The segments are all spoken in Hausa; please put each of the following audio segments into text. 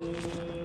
Thank mm. you.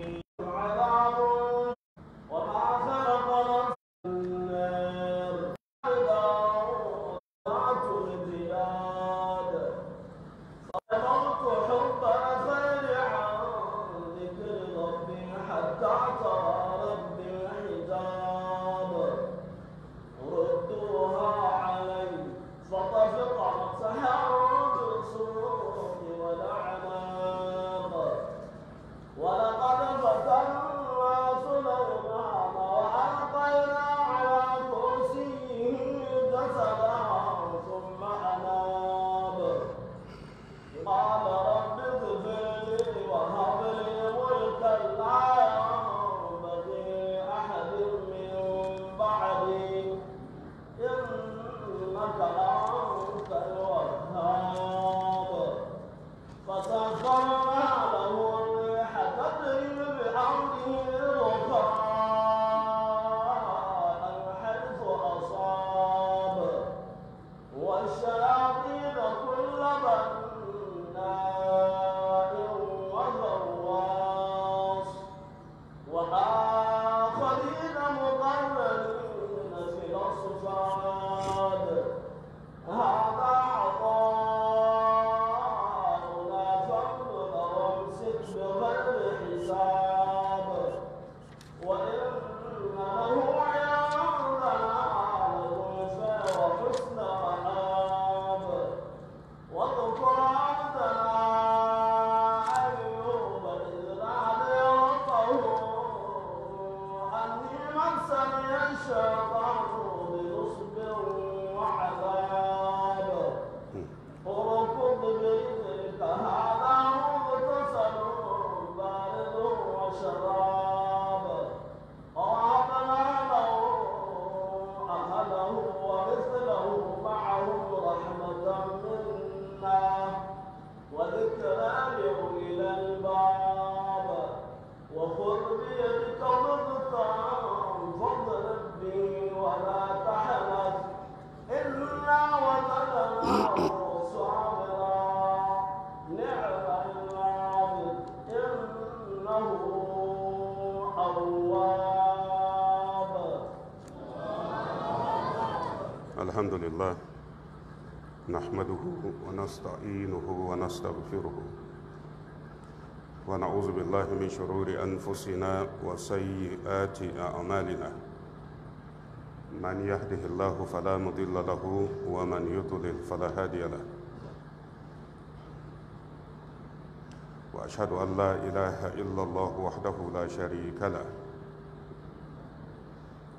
الحمد لله نحمده ونستعينه ونستغفره ونعوذ بالله من شرور انفسنا وسيئات اعمالنا من يهده الله فلا مضل له ومن يضلل فلا هادي له واشهد ان لا اله الا الله وحده لا شريك له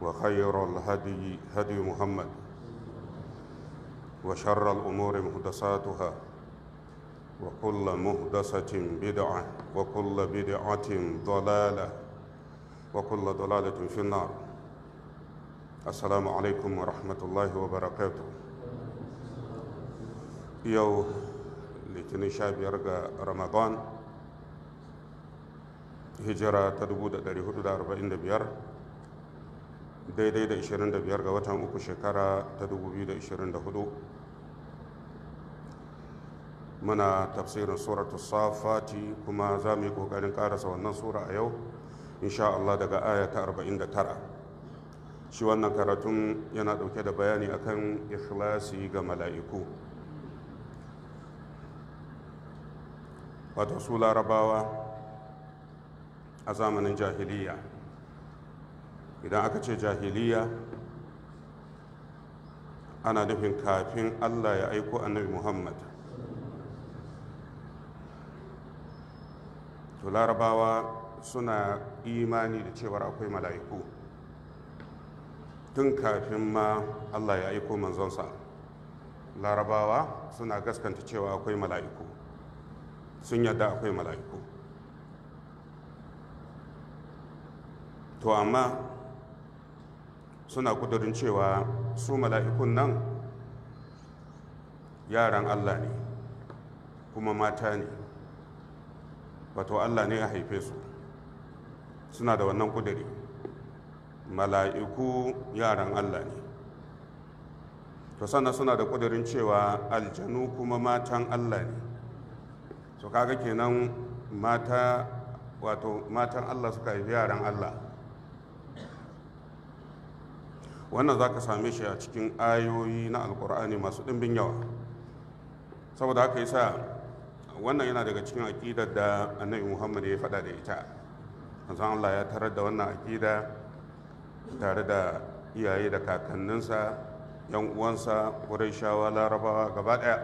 وخير الهدي هدي محمد وشر الأمور مهدساتها وكل مهدسة بدعة وكل بدعة ضلالة وكل ضلالة في النار السلام عليكم ورحمة الله وبركاته يو litinin رمضان هجرة ga ramadan hijira ta 1445 daidai da 25 ga watan uku shekara ta 2024 muna tafsirin suratu safati kuma za mu yi kokarin ƙarasa wannan sura a yau insha Allah daga aya ta 49 shi wannan karatun yana ɗauke da bayani akan ikhlasi ga mala'iku Wata su larabawa a zamanin jahiliya idan aka ce jahiliya ana nufin kafin allah ya aiko annabi muhammad to larabawa suna imani da cewar akwai mala'iku tun kafin ma allah ya aiko manzonsa larabawa suna gaskanta cewa akwai mala'iku sun yarda akwai mala'iku to amma suna kudurin cewa su mala'ikun nan yaran Allah ne kuma mata ne wato Allah ne ya haife su suna da wannan kuduri mala'iku yaran Allah ne to sannan suna da kudurin cewa aljanu kuma matan Allah ne su kaga kenan mata wato matan Allah suka haifi yaran Allah wannan za ka same shi a cikin ayoyi na alkur'ani masu ɗimbin yawa saboda haka yasa wannan yana daga cikin aƙidar da annabi muhammad ya faɗa da ita Zan allah ya tarar da wannan aƙida tare da iyaye da kakanninsa yan uwansa shawa larabawa gaba ɗaya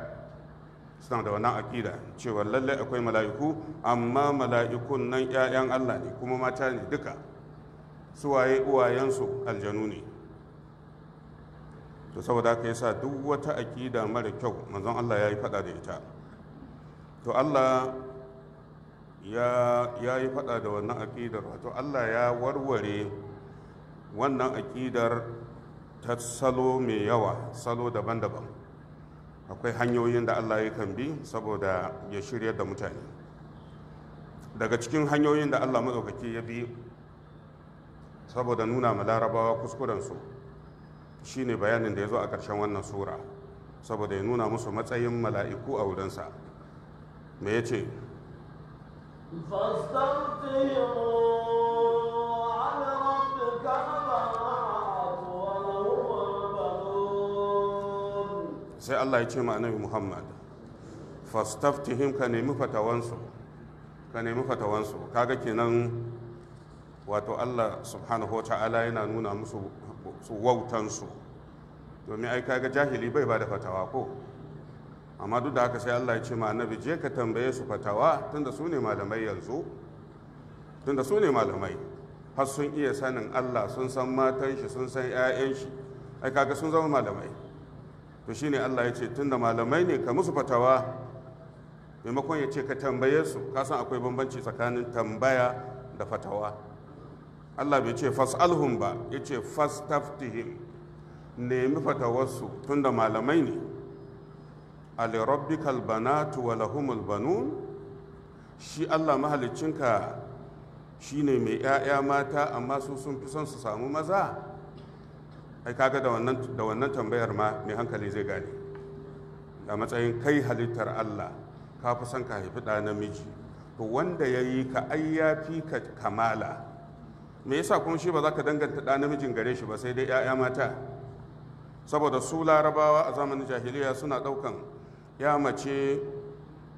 suna da wannan aƙida cewa lallai akwai mala'iku amma mala'ikun nan 'ya'yan allah ne kuma mata ne duka su waye uwayensu aljanu ne to saboda haka yasa duk wata aƙida mara kyau manzon Allah ya yi fada da ita to Allah ya yi fada da wannan akidar wato Allah ya warware wannan aƙidar ta salo mai yawa salo daban-daban akwai hanyoyin da Allah ya kan bi saboda ya shirya da mutane daga cikin hanyoyin da Allah maɗaukaki ya bi saboda nuna ma larabawa kuskurensu shine bayanin da ya zo a ƙarshen wannan sura saboda ya nuna musu matsayin mala'iku a wurinsa me ya ce sai Allah ya ce ma annabi Muhammad fastaftihim ka nemi fatawansu ka nemi fatawansu kaga kenan wato Allah subhanahu wa ta'ala yana nuna musu su wautansu domin aika ga jahili bai ba da fatawa ko amma duk da haka sai Allah ya ce ma annabi je ka tambaye su fatawa tunda su ne malamai yanzu tunda su ne malamai har sun iya sanin Allah sun san matan shi sun san ƴaƴan shi ai kaga sun zama malamai to shine Allah ya ce tunda malamai ne ka musu fatawa maimakon ya ce ka tambaye su ka san akwai bambanci tsakanin tambaya da fatawa Allah bai ce fas'alhum ba ya ce fastaftihim nemi fatawarsu tunda malamai ne alirabbikal banatu wa lahumul banun shi Allah mahalicinka shi ne mai 'ya'ya mata amma su sun fi son su samu maza ai kaga da wannan tambayar ma mai hankali zai gane a matsayin kai halittar Allah ka fi son ka haifi ɗa namiji to wanda ya yi ka ai ka kamala me yasa kuma shi ba za ka danganta ɗa namijin gare shi ba sai dai 'ya'ya mata saboda su larabawa a zamanin jahiliya suna ɗaukan ya mace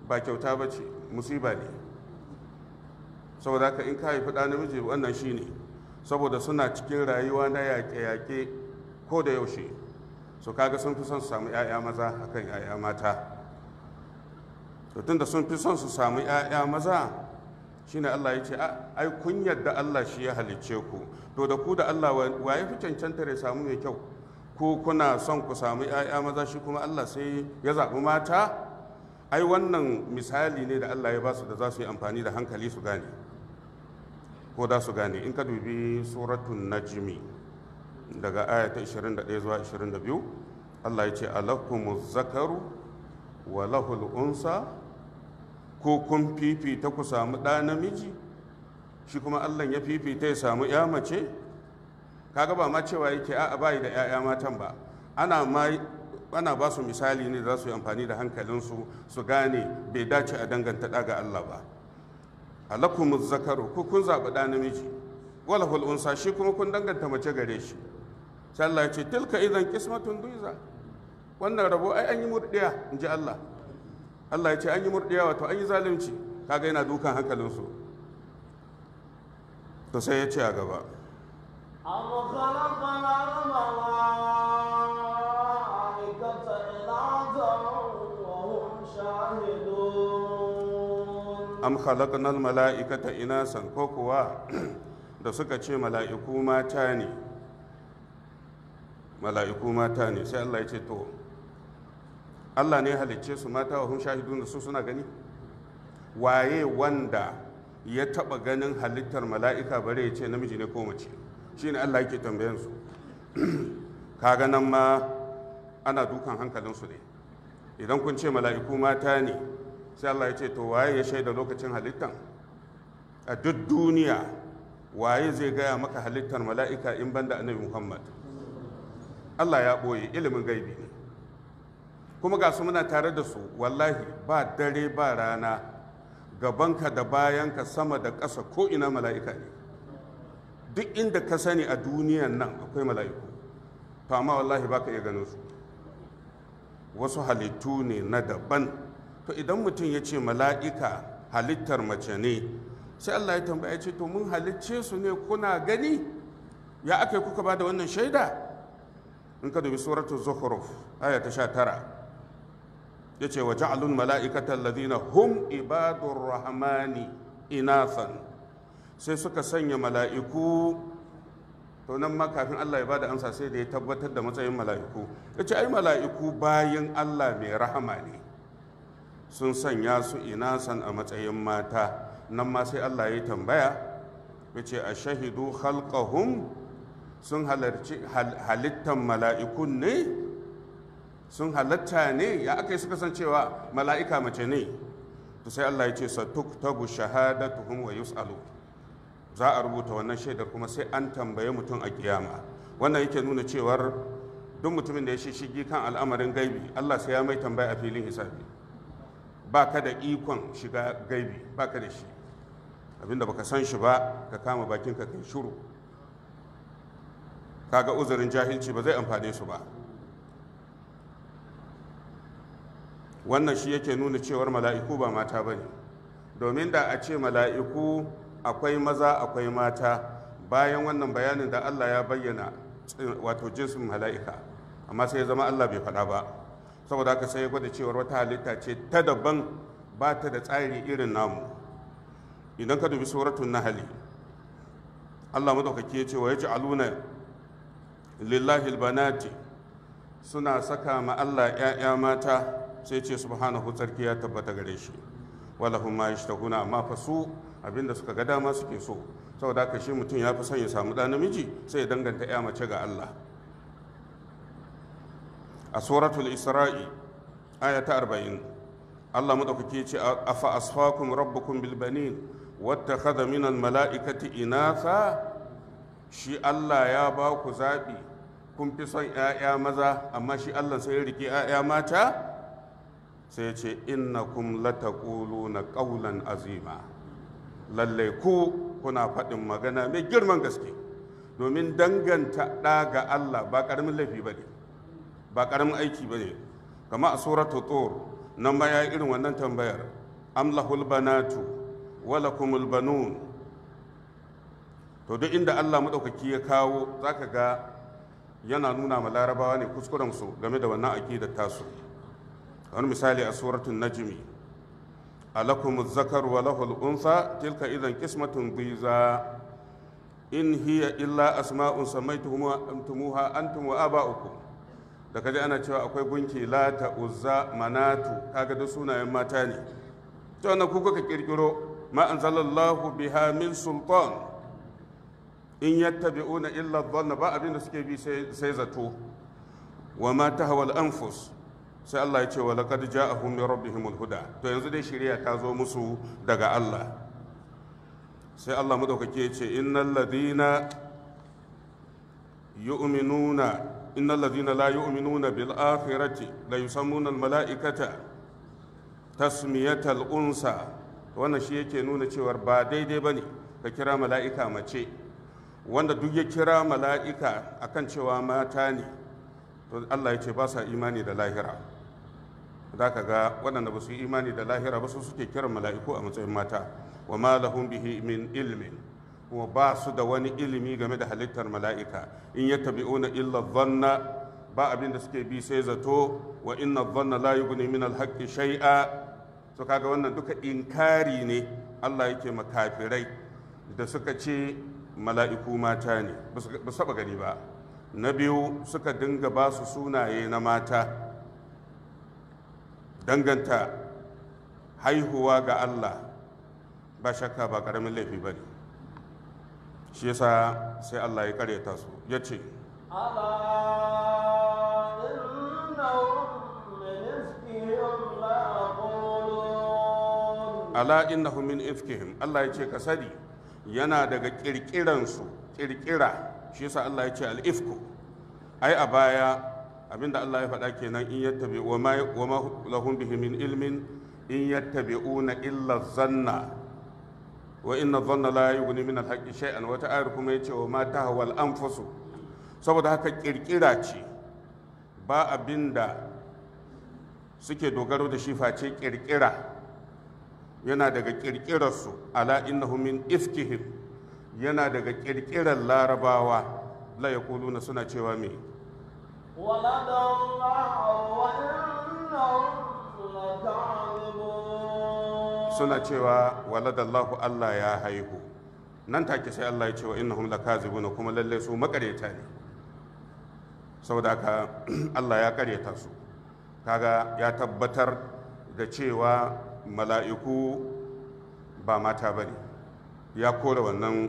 ba kyauta ba ce musiba ne saboda haka in ka haifi ɗa namiji wannan shi ne saboda suna cikin rayuwa na yaƙe-yaƙe ko da yaushe su kaga sun fi son su samu 'ya'ya maza akan 'ya'ya mata tunda sun fi son su samu 'ya'ya maza shine Allah ya ce ai kun yadda Allah shi ya halicce ku to da ku da Allah wa ya fi cancantar ya samu mai kyau ku kuna son ku samu ‘ya'ya maza shi kuma Allah sai ya zaɓi mata ai wannan misali ne da Allah ya ba su da za su yi amfani da hankali su gane ko da su gane in ka dubi suratun najmi daga ayata 21 zuwa 22 Allah ya ce alakumuz zakaru wa lahul unsa ko kun fifita ku samu ɗa namiji shi kuma allah ya fifita ya samu ya mace kaga ba ma cewa yake a bayi da 'ya'ya matan ba ana ba su misali ne za su yi amfani da hankalinsu su gane bai dace a danganta ɗa allah ba alakumu zakaru ku kun zaɓi ɗa namiji wala hul'unsa shi kuma kun danganta mace gare shi Sallah ya ce tilka idan kismatun duiza wannan rabo ai an yi murɗiya in ji allah Allah ya ce an yi murdiya wato an yi zalunci kaga yana dukan hankalinsu to sai ya ce a gaba am khalaqnal mala'ikata inasan ko kuwa da suka ce mala'iku mata ne mala'iku mata ne sai Allah ya ce to Allah ne halicce su mata wa hun shahidun da su suna gani waye wanda ya taba ganin halittar mala'ika bare ya ce namiji ne ko mace shine Allah yake tambayan su kaga nan ma ana dukan hankalin su ne idan kun ce mala'iku mata ne sai Allah ya ce to waye ya shaida lokacin halittan a duk duniya waye zai gaya maka halittar mala'ika in banda annabi Muhammad Allah ya ɓoye ilimin gaibi ne kuma ga su muna tare da su wallahi ba dare ba rana gabanka da bayanka sama da ƙasa ko ina mala'ika ne duk inda ka sani a duniyan nan akwai mala'iku to amma wallahi ba ka iya ganin su wasu halittu ne na daban to idan mutum ya ce mala'ika halittar mace ne sai Allah ya tambaya ce to mun halicce su ne kuna gani ya aka kuka ba da wannan shaida in ka dubi suratul zuhruf aya ta 19 ya ce wa ja'alun mala'ikatan lazina hum ibadur rahmani inathan sai suka sanya mala'iku to nan ma kafin Allah ya bada amsa sai da ya tabbatar da matsayin mala'iku ya ce ai mala'iku bayan Allah mai rahama ne sun sanya su inasan a matsayin mata nan ma sai Allah ya tambaya ya ce a shahidu halkahun sun halittan mala'ikun ne sun halatta ne ya aka yi suka san cewa mala'ika mace ne to sai Allah ya ce satuk tagu shahadatuhum wa yus'alu za a rubuta wannan shaidar kuma sai an tambaye mutum a kiyama wannan yake nuna cewar duk mutumin da ya shishigi kan al'amarin gaibi Allah sai ya mai tambaya a filin hisabi ba ka da ikon shiga gaibi ba ka da shi abinda baka san shi ba ka kama bakin ka kai shuru kaga uzurin jahilci ba zai amfane su ba wannan shi yake nuna cewar mala'iku ba mata ba ne domin da a ce mala'iku akwai maza akwai mata bayan wannan bayanin da allah ya bayyana wato jinsin mala'ika amma sai ya zama allah bai faɗa ba saboda haka sai ya gwada cewar wata halitta ce ta daban ba ta da tsari irin namu idan ka dubi suratun nahali allah madaukaki ya ce wa ya aluna lillahi albanati suna saka ma allah 'ya'ya mata sai ce subhanahu tsarki ya tabbata gare shi walahum ma yashtahuna amma fa su abinda suka ga dama suke so saboda haka shi mutum ya fi son ya samu ɗa namiji sai ya danganta ya mace ga Allah a suratul isra'i ayata ta 40 Allah madaukake ce afa asfakum rabbukum bil banin wattakhadha min al mala'ikati inatha shi Allah ya ba ku zabi kun fi son 'ya'ya maza amma shi Allah sai ya rike 'ya'ya mata sai ce kulu na ƙaunan azima lalle ku kuna faɗin magana mai girman gaske domin danganta ɗa ga Allah ba ƙaramin laifi ba ne ba ƙaramin aiki ba ne kama a suratu tsor nan ba irin wannan tambayar amlahul banatu walakumul banun to duk inda Allah maɗaukaki ya kawo zaka ga yana nuna ma larabawa ne kuskurensu game da wannan aƙidar tasu wani misali a suratun najmi alakum zakar wa lahul unsa tilka idan qismatun biza in hiya illa asma'un samaitumuha antum wa aba'ukum da kaji ana cewa akwai gunki lata uzza manatu kaga da sunayen mata ne to wannan ku kuka kirkiro ma anzalallahu biha min sultan in yattabi'una illa dhanna ba abin da suke bi sai zato wa ma tahawal anfus sai Allah ya ce wa laqad ja'ahum min rabbihimul huda to yanzu dai shari'a ta zo musu daga Allah sai Allah madaukake ya ce innal ladina yu'minuna innal ladina la yu'minuna bil akhirati la yusammuna al mala'ikata tasmiyatal unsa wannan shi yake nuna cewa ba daidai bane ka kira mala'ika mace wanda duk ya kira mala'ika akan cewa mata ne to Allah ya ce ba sa imani da lahira za ka ga waɗanda ba su yi imani da lahira ba su suke kiran mala'iku a matsayin mata wa ma lahum bihi min ilmin kuma ba su da wani ilimi game da halittar mala'ika in ya tabi'una illa zanna ba abin da suke bi sai zato wa inna zanna la yughni min alhaqqi shay'a to kaga wannan duka inkari ne Allah yake makafirai da suka ce mala'iku mata ne ba su gani ba na biyu suka dinga ba su sunaye na mata danganta haihuwa ga allah ba shakka ba ƙaramin laifi ba ne shi yasa sai allah ya ta su ya ce ala innahu min ifkihim Allah ya ce ka sani yana daga kirkiransu kirkira shi yasa Allah ya ce al ai a baya abinda Allah ya faɗa kenan in yattabi wa ma lahum bihi min ilmin in yattabi'una illa zanna wa inna zanna la yughni min al-haqqi shay'an wata ayar kuma ya ce wa ma ta tahwa an anfusu saboda haka kirkira ce ba abinda suke dogaro da shi face kirkira yana daga kirkirarsu ala innahu min ifkihim yana daga kirkirar larabawa la yaquluna suna cewa me suna cewa وإنهم لكاذبون سنة شوى ولد nan take sai Allah ya ce innahum lakazibun kuma lalle su makareta ne saboda ka Allah ya kareta su kaga ya tabbatar da cewa mala'iku ba mata bane ya kora wannan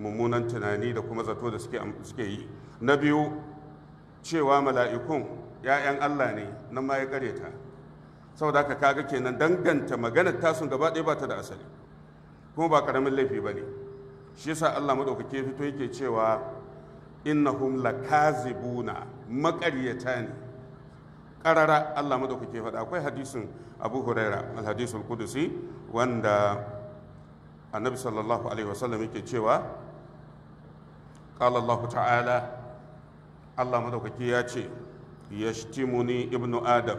mummunan tunani da kuma zato da suke yi na biyu cewa mala'ikun ‘ya'yan Allah ne na ma ya kare ta saboda haka kaga kenan danganta maganar tasun gaba ɗaya ba ta da asali kuma ba ƙaramin laifi ba ne shi yasa Allah maɗaukake fito yake cewa innahum lakazibuna maƙaryata ne ƙarara Allah maɗaukake faɗa akwai hadisin Abu Huraira al-hadisul Qudusi wanda Annabi sallallahu alaihi wasallam yake cewa qala Allah ta'ala Allah madaukaki ya ce yashtimuni ibnu adam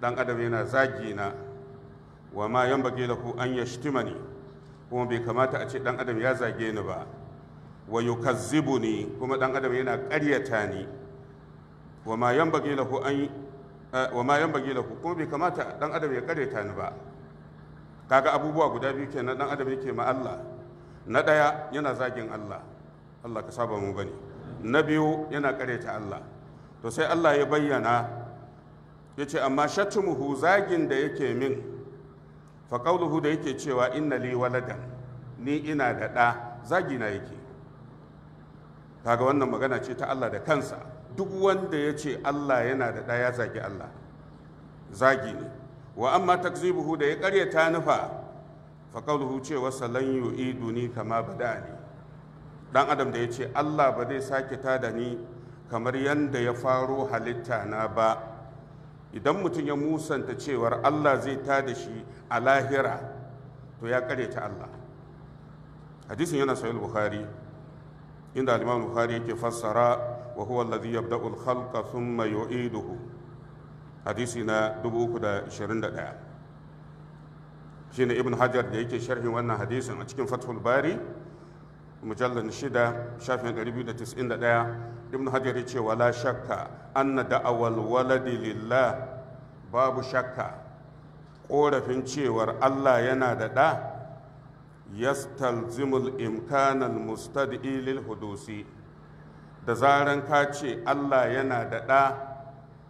dan adam yana zagi na wa ma yan bage lahu an yashtimani kuma bai kamata a ce dan adam ya zage ni ba wa yukazzibuni kuma dan adam yana ƙaryata ni wa ma bage lahu an eh, wa ma bage lahu kuma bai kamata dan adam ya ƙaryata ni ba kaga abubuwa guda biyu kenan dan adam yake ma Allah na daya yana zagin Allah Allah ka saba mu bane na biyu yana ta Allah to sai Allah ya bayyana ya ce amma shatumuhu zagin da yake min fa da yake cewa inna li waladan ni ina da ɗa zagina yake kaga wannan magana ce ta Allah da kansa duk wanda ya ce Allah yana da ɗa ya zagi Allah zagi ne wa amma takzibuhu da ya ƙaryata nufa fa qawluhu cewa salan yu'iduni kama ne. dan adam da ya ce allah ba zai sake tada ni kamar yadda ya faro halitta na ba idan mutum ya musanta cewar allah zai tada shi a lahira to ya kare ta allah hadisin yana sahih bukhari inda al Buhari bukhari yake fassara wa huwa alladhi yabda'u al-khalqa thumma yu'iduhu hadisi na 321 shine ibn hajar da yake sharhin wannan hadisin a cikin fathul bari mujallar shida shafin 291 ibn hajar ya ce wala shakka anna da'awal waladi lillah babu shakka korafin cewar allah yana da ɗa yastalzimul imkanal mustad'i lil hudusi da zaran ka ce allah yana da ɗa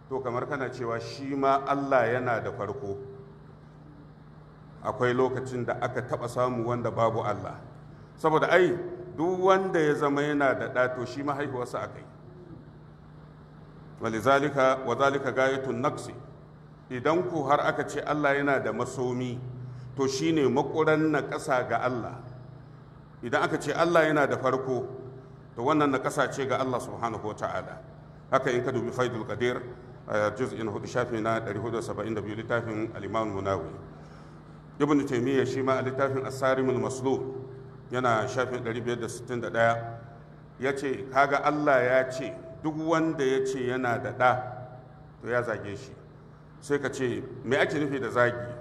to kamar kana cewa shi ma allah yana da farko akwai lokacin da aka taɓa samu wanda babu allah saboda ai duk wanda ya zama yana da ɗa to shi mahaihuwarsa a kai walizalika wa zalika gayatun naqsi idan ku har aka ce Allah yana da masomi to shine makuran na ƙasa ga Allah idan aka ce Allah yana da farko to wannan na ƙasa ce ga Allah subhanahu wa ta'ada. haka in ka dubi faidul qadir juz'in hudu shafi na 472 littafin al-imam munawi ibn taymiyyah shi ma littafin as-sarimul yana shafin 561 ya ce kaga allah ya ce duk wanda ya ce yana da ɗa to ya zage shi sai ka ce me ake nufi da zagi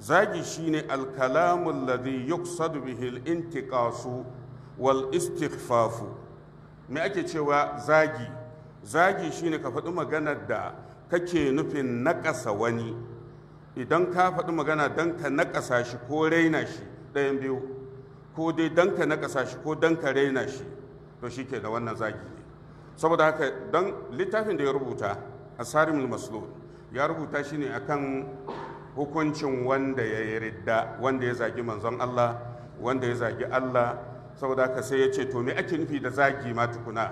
zagi shine alkalamun ladhi yuqsadu bihil al-intiqasu wal istighfafu me ake cewa zagi zagi shine ka faɗi magana da kake nufin naƙasa wani idan ka faɗi magana don ka naƙasa shi ko raina shi ɗayan biyu ko dai danka na ƙasa shi ko danka raina shi to shi ke da wannan zagi ne saboda haka dan littafin da ya rubuta a asarimul maslow ya rubuta shi ne akan hukuncin wanda ya yi ridda wanda ya zagi manzon Allah wanda ya zagi Allah saboda haka sai ya ce to me ake nufi da zagi ma tukuna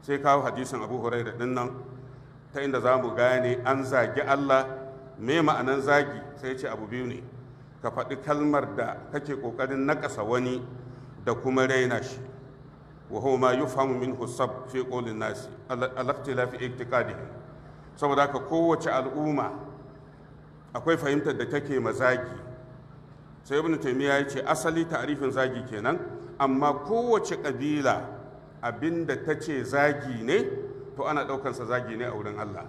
sai kawo hadisin Abu huraira din nan ta inda za mu gane an zagi Allah me ma'anan zagi sai ya ce abu biyu ne ka faɗi kalmar da kake ƙoƙarin naƙasa wani da kuma raina shi wa huwa ma yufhamu minhu sab fi qawlin nas al-ikhtilaf fi saboda ka kowace al'umma akwai fahimtar da take mazagi sai ibnu taymiya ce asali ta'rifin zagi kenan amma kowace kabila abinda ta ce zagi ne to ana ɗaukansa zagi ne a wurin Allah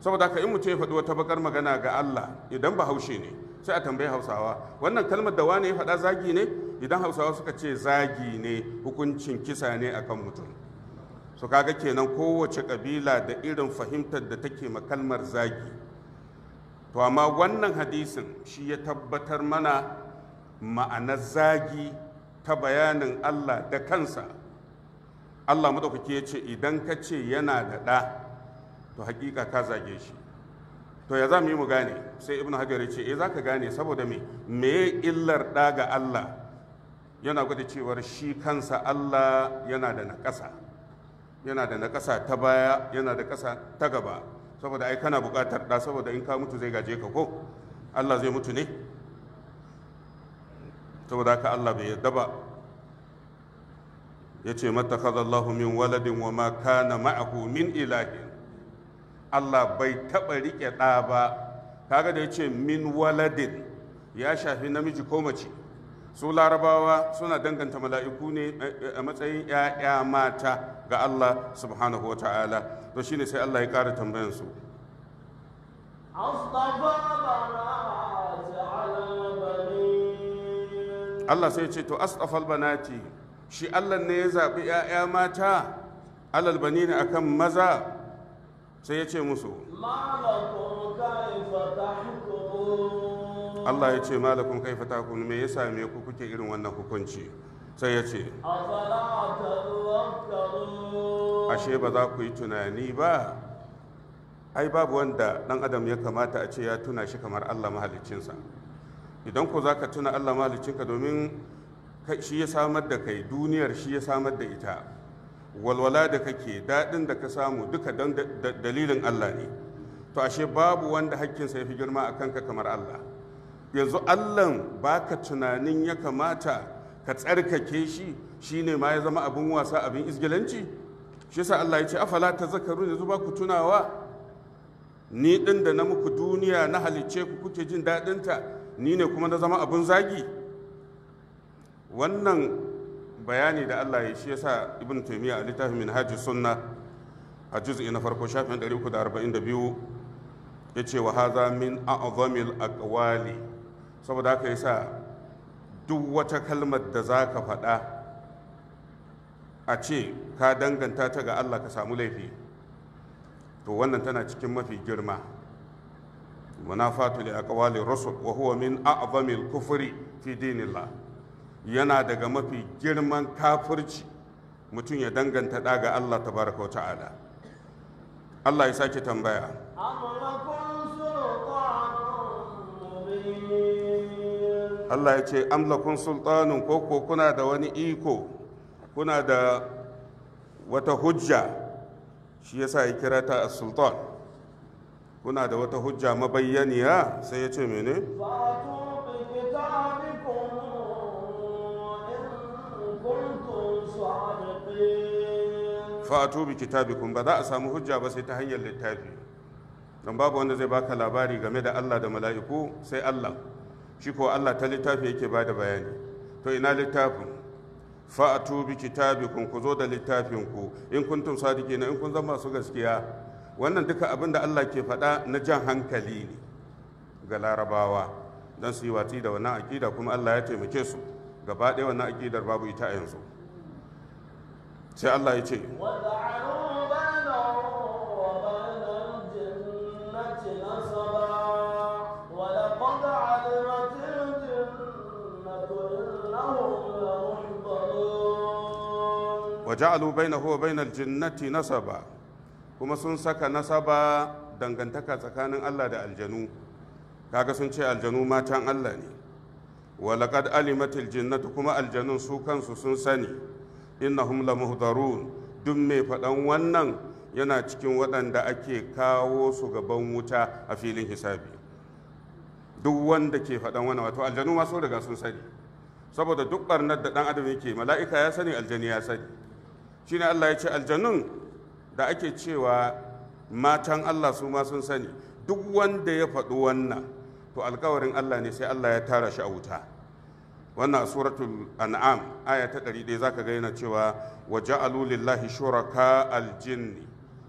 saboda ka in mutum ya faɗi wata bakar magana ga Allah idan ba haushe ne sai a tambayi hausawa wannan kalmar da wane ya faɗa zagi ne idan hausawa suka ce zagi ne hukuncin kisa ne akan mutum su kaga kenan kowace kabila da irin fahimtar da take ma kalmar zagi to amma wannan hadisin shi ya tabbatar mana ma'anar zagi ta bayanin Allah da kansa Allah maɗaukaki ya ce idan ka ce yana da ɗa to hakika ka zage shi to ya za mu yi mu gane sai ibn hajar ya ce eh zaka gane saboda me me illar da ga Allah yana gwada cewar shi kansa Allah yana da naƙasa yana da naƙasa ta baya yana da ƙasa ta gaba saboda ai kana buƙatar da saboda in ka mutu zai gaje ka ko Allah zai mutu ne saboda haka Allah bai yarda ba ya ce mata min waladin wa ma kana ma'ahu min ilahin Allah bai taɓa riƙe ɗa ba kaga da ya ce min waladin ya shafi namiji ko mace su larabawa suna danganta mala'iku ne eh, eh, a matsayin ‘ya'ya mata ga Allah subhanahu wa ta'ala to shine sai Allah ya ƙara tambayansu Allah sai ce to asdafal banati shi Allah ne ya zaɓi ‘ya'ya mata Alalbani ne akan maza sai ya ce musu Allah ya ce malakun kai fata kun me ya same ku kuke irin wannan hukunci sai ya ce ashe ba za ku yi tunani ba ai babu wanda dan adam ya kamata a ce ya tuna shi kamar Allah mahaliccinsa idan ku za ka tuna Allah mahaliccinka domin shi ya samar da kai duniyar shi ya samar da ita walwala da kake daɗin da ka samu duka don dalilin Allah ne to ashe babu wanda hakkinsa ya fi girma a kanka kamar Allah yanzu Allahn baka tunanin ya kamata ka tsarkake shi shine ma ya zama abin wasa abin isgilanci shi yasa Allah ya ce afala zakaru yanzu ba ku tunawa ni din da na muku duniya na halicce ku kuke jin daɗinta ni ne kuma na zama abin zagi wannan bayani da Allah ya shi yasa ibn taymiya a littafin minhaj sunna a juz'i na farko shafin 342 yace wa hadha min a'zamil aqwali saboda haka yasa duk wata kalmar da zaka faɗa a ce ka danganta ta ga Allah ka samu laifi to wannan tana cikin mafi girma munafatu li aqwali rasul wa huwa min a'zamil kufri fi dinillah yana daga mafi girman kafirci mutum ya danganta ɗa ga Allah Ta wa ta'ala Allah ya sake tambaya Allah ya ce amlakun sultanin koko kuna da wani iko kuna da wata hujja shi yasa ya kira ta a sultan kuna da wata hujja mabayyaniya sai ya ce mene? ne fa'atu bi kitabikum ba za a samu hujja ba sai ta hanyar littafi don babu wanda zai baka labari game da Allah da mala'iku sai Allah shi ko Allah ta littafi yake ba da bayani to ina littafin fa'atu bi kitabikum ku zo da littafin ku in kuntum na in kun zama masu gaskiya wannan duka abin da Allah ke faɗa na jan hankali ne ga larabawa don su yi watsi da wannan aƙida kuma Allah ya taimake su gaba ɗaya wannan aƙidar babu ita a yanzu sai Allah ya ce وجعلوا بينه وبين الجنة نسبا kuma sun saka nasaba dangantaka tsakanin Allah da aljanu kaga sun ce aljanu matan Allah ne wa laqad alimatil jinnatu kuma aljanun su kansu sun sani innahum lamuhdarun duk mai faɗan wannan yana cikin waɗanda ake kawo su gaban wuta a filin hisabi duk wanda ke faɗan wannan wato aljanu ma sun riga sun sani saboda duk barnar da ɗan adam yake mala'ika ya sani aljani ya sani shine Allah ya ce aljanun da ake cewa matan Allah su ma sun sani duk wanda ya faɗi wannan to alkawarin Allah ne sai Allah ya tara shi a wuta wannan suratul an'am aya ta ɗaya zaka ga yana cewa wa ja'alu lillahi shuraka aljinni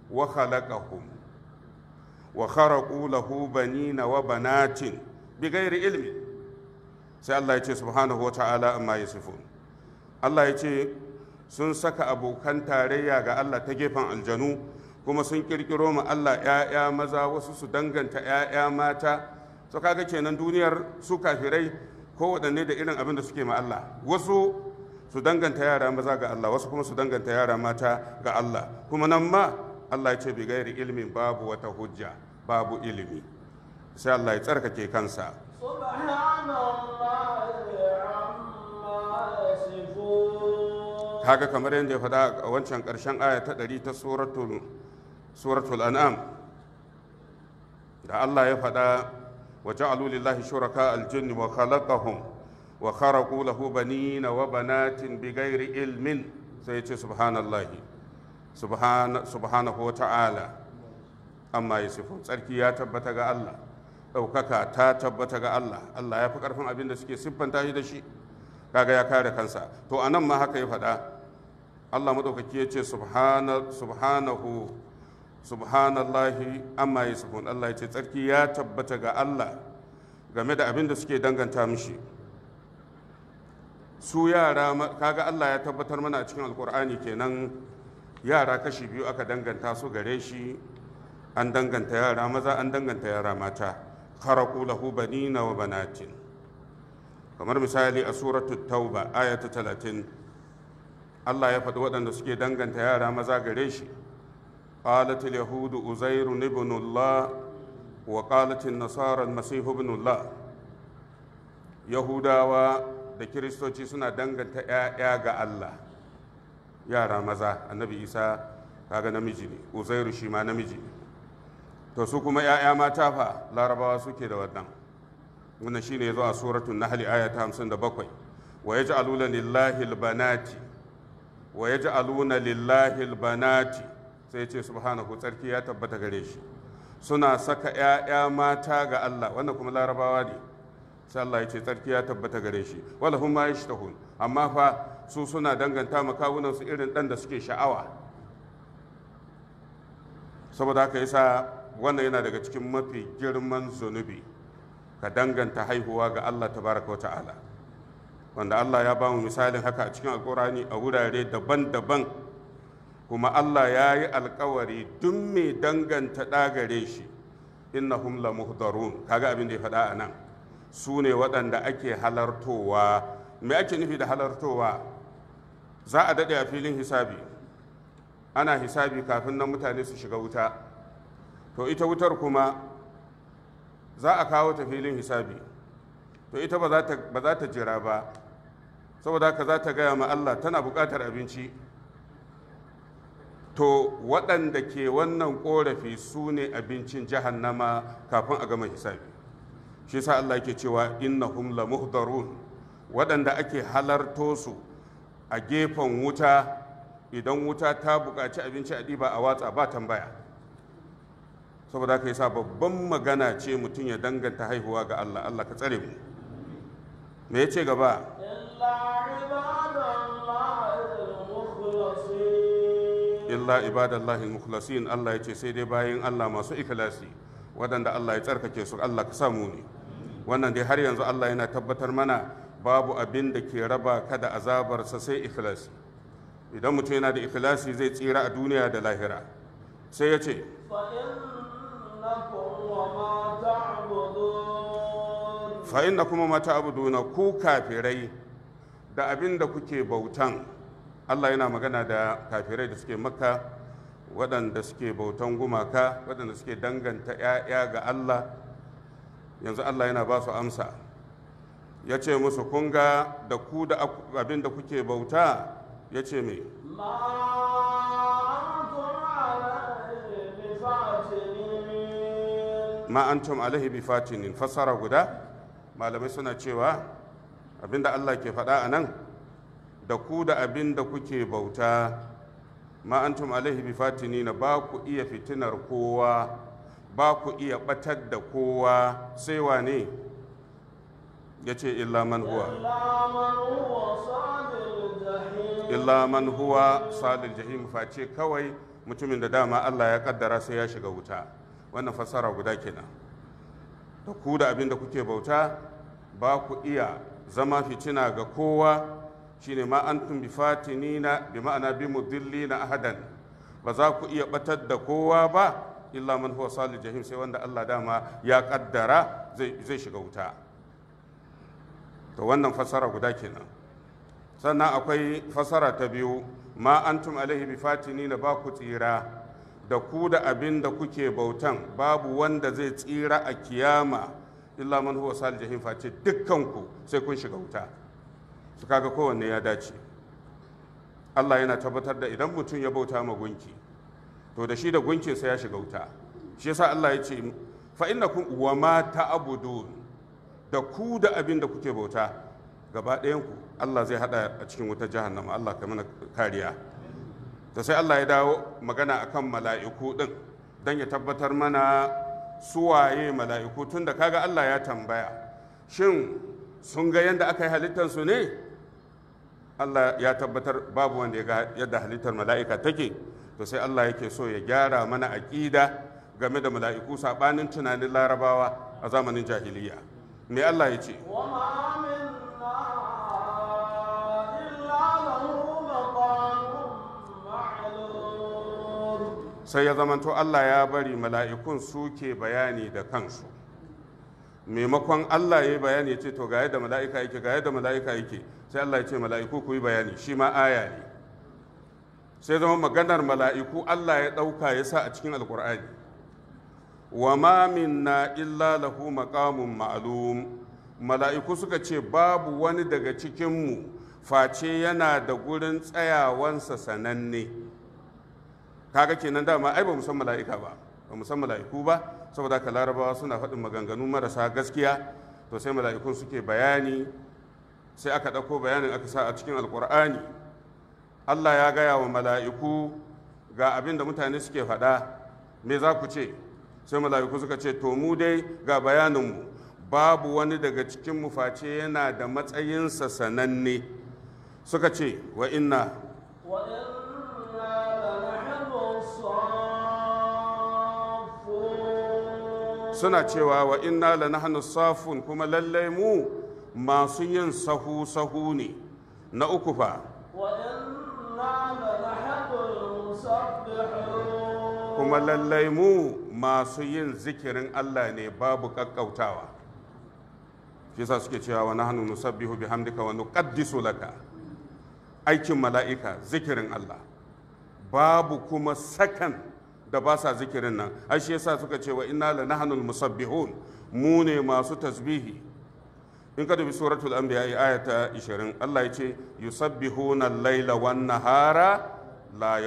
wa khalaqahum wa kharaqu lahu banina wa banatin ilmi sai Allah ya ce subhanahu wa ta'ala amma yasifun Allah ya ce sun saka abokan tarayya ga Allah ta gefen aljanu kuma sun kirkiro ma Allah ‘ya'ya maza wasu su danganta ‘ya'ya mata su kaga kenan duniyar su kafirai kowaɗanne da irin abin da suke ma Allah wasu su danganta yara maza ga Allah wasu kuma su danganta yara mata ga Allah kuma nan ma Allah ya ce bi gairi ilimin babu wata hujja babu ilimi sai Allah ya tsarkake kansa kaga kamar yadda ya faɗa a wancan ƙarshen aya ta ɗari ta suratul an'am da Allah ya faɗa وجعلوا لله شركاء الجن وخلقهم وخرقوا له بنين وبنات بغير علم سيتي سبحان الله سبحان سبحانه وتعالى أما يصفون سألكي يا الله ɗaukaka ta tabbata ga Allah Allah ya fi ƙarfin abin da suke siffanta shi da shi kaga ya kare kansa to nan ma haka ya faɗa Allah maɗaukaki ya ce subhanahu subhanallahi amma ya sabon Allah ya ce tsarki ya tabbata ga Allah game da abin da suke danganta mishi su yara kaga Allah ya tabbatar mana a cikin alkur'ani kenan yara kashi biyu aka danganta su gare shi an danganta yara maza an danganta yara mata kharaqu lahu banina wa banatin kamar misali a suratu tauba ayata talatin Allah ya faɗi waɗanda suke danganta yara maza gare shi قالت اليهود أزير ابن الله وقالت النصارى المسيح ابن الله يهودا da kiristoci suna danganta 'ya'ya ga Allah yara maza annabi isa kaga namiji ne uzairu shi ma namiji ne to su kuma 'ya'ya mata fa larabawa suke da wannan wannan shi shine yazo a suratul nahl hamsin da bakwai. wa ya yaj'aluna lillahi albanati wa ya yaj'aluna lillahi albanati sai ce subhanahu tsarki ya tabbata gare shi suna saka 'ya'ya mata ga Allah wannan kuma larabawa ne sai Allah ya ce tsarki ya tabbata gare shi wala hum ma yashtahun amma fa su suna danganta ma kawunan su irin dan da suke sha'awa saboda haka yasa wannan yana daga cikin mafi girman zunubi ka danganta haihuwa ga Allah tabaraka wata'ala wanda Allah ya bamu misalin haka a cikin alkurani a wurare daban-daban kuma Allah ya yi alkawari duk mai danganta ɗagare shi inna humla muhdarun kaga abin da ya faɗa a nan su ne waɗanda ake halartowa me ake nufi da halartowa za a daɗe a filin hisabi ana hisabi kafin nan mutane su shiga wuta to ita wutar kuma za a kawo ta filin hisabi to ita ba za ta jira ba saboda haka za ta gaya ma Allah tana buƙatar abinci to waɗanda ke wannan ƙorafi su ne abincin jahannama kafin a gama hisabi shi sa Allah ke cewa innahum la muhdarun waɗanda ake halarto su a gefen wuta idan wuta ta buƙaci abinci a ɗiba a watsa ba tambaya saboda yi yasa babban magana ce mutum ya danganta haihuwa ga Allah Allah ka tsare mu me yace gaba illa ibadallahi su. illa ibadallahi mukhlasin Allah ya ce sai dai bayan Allah masu ikhlasi waɗanda Allah ya tsarkake su Allah ka samu ne wannan dai har yanzu Allah yana tabbatar mana babu abin da ke raba ka da azabarsa sai ikhlasi idan mutum yana da ikhlasi zai tsira a duniya da lahira sai ya ce fa'in na kuma mata abuduna ku kafirai da abin da kuke bautan Allah yana magana da kafirai da suke makka waɗanda suke bautan gumaka waɗanda suke danganta ‘ya'ya ga Allah yanzu Allah yana ba su amsa ya ce musu kunga da ku da abin da kuke bauta ya ce mai ma alaihi bi fatinin fassara guda malamai suna cewa abinda Allah ke faɗa a nan da ku da abin da kuke bauta ma'antum alaihi bi na ba ku iya fitinar kowa ba ku iya batar da kowa sai wane ya ce illa man huwa illa man huwa salil jahim face kawai mutumin da dama Allah ya kaddara sai ya shiga wuta wannan fassara guda kenan da ku da abin da kuke bauta ba ku iya zama fitina ga kowa shine ma antum bi fatinina bi ma'ana bi mudillina ahadan ba za ku iya batar da kowa ba illa man huwa sali jahim sai wanda Allah dama ya kaddara zai shiga wuta to wannan fasara guda kenan sannan akwai fasara ta biyu ma antum alaihi bi fatinina ba ku tsira da ku da abin da kuke bautan babu wanda zai tsira a kiyama illa man huwa sali jahim face dukkan ku sai kun shiga wuta su kaga kowanne ya dace Allah yana tabbatar da idan mutum ya bauta ma gunki to da shi da gunkin sa ya shiga wuta shi yasa Allah ya ce fa uwa wa ma ta'budun da ku da abin da kuke bauta gaba ɗayan ku Allah zai hada a cikin wuta jahannama Allah ka mana kariya to sai Allah ya dawo magana akan mala'iku din dan ya tabbatar mana suwaye mala'iku tun da kaga Allah ya tambaya shin sun ga yadda aka yi halittarsu ne Allah ya tabbatar babu wanda ya ga yadda halittar mala'ika take to sai Allah yake so ya gyara mana aƙida game da mala'iku saɓanin tunanin larabawa a zamanin jahiliya me Allah ya ce sai ya zamanto Allah ya bari mala'ikun suke bayani da kansu maimakon Allah ya yi bayani ce to ga yadda mala'ika yake ga yadda mala'ika yake sai Allah ya ce mala'iku ku yi bayani shi ma aya ne sai zama maganar mala'iku Allah ya ɗauka ya sa a cikin alkur'ani wa ma minna illa lahu maqamun ma'lum mala'iku suka ce babu wani daga cikinmu face yana da gurin tsayawansa sananne kaga kenan dama ai ba mu san mala'ika ba ba mu san mala'iku ba saboda ka larabawa suna faɗin maganganu marasa gaskiya to sai mala'ikun suke bayani sai aka ɗauko bayanin aka sa a cikin alƙur'ani allah ya gaya wa mala'iku ga abin da mutane suke faɗa me za ku ce sai mala'iku suka ce to mu dai ga bayaninmu babu wani daga cikin muface yana da matsayinsa sananne suka ce wa inna suna cewa wa inna la nahnu safun kuma lallai mu masu yin sahu sahu ne na uku fa kuma lallai mu masu yin zikirin Allah ne babu kakkautawa shi sa suke cewa wani hannu nusabbihu bihamdika wa nuqaddisu laka aikin mala'ika zikirin Allah babu kuma sakan da ba sa zikirin nan ai shi yasa suka ce wa inna la musabbihun mu ne masu tasbihi in ka dubi suratul anbiya ayata 20 Allah ya ce yusabbihuna al-laila wan nahara la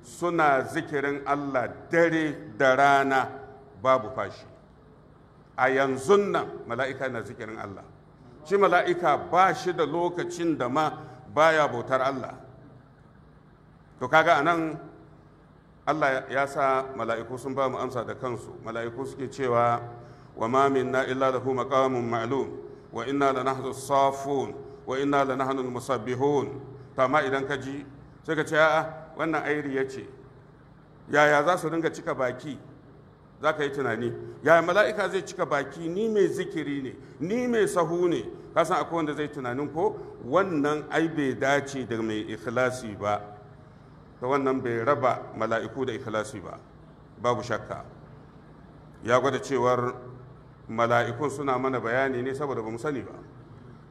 suna zikirin Allah dare da rana babu fashi a yanzu nan mala'ika na zikirin Allah shi mala'ika ba shi da lokacin da ma baya bautar Allah to kaga anan Allah ya sa mala'iku sun ba mu amsa da kansu mala'iku suke cewa وما منا إلا له مقام معلوم وإنا لنحن الصافون وإنا لنحن المسبحون تما إذا كجي سكت يا wannan airi ce yaya za su dinga cika baki za ka yi tunani yaya mala'ika zai cika baki ni mai zikiri ne ni mai sahu ne kasan akwai wanda zai tunanin ko wannan ai bai dace da mai ikhlasi ba ta wannan bai raba mala'iku da ikhlasi ba babu shakka ya gwada cewar mala'ikun suna mana bayani ne saboda ba mu sani ba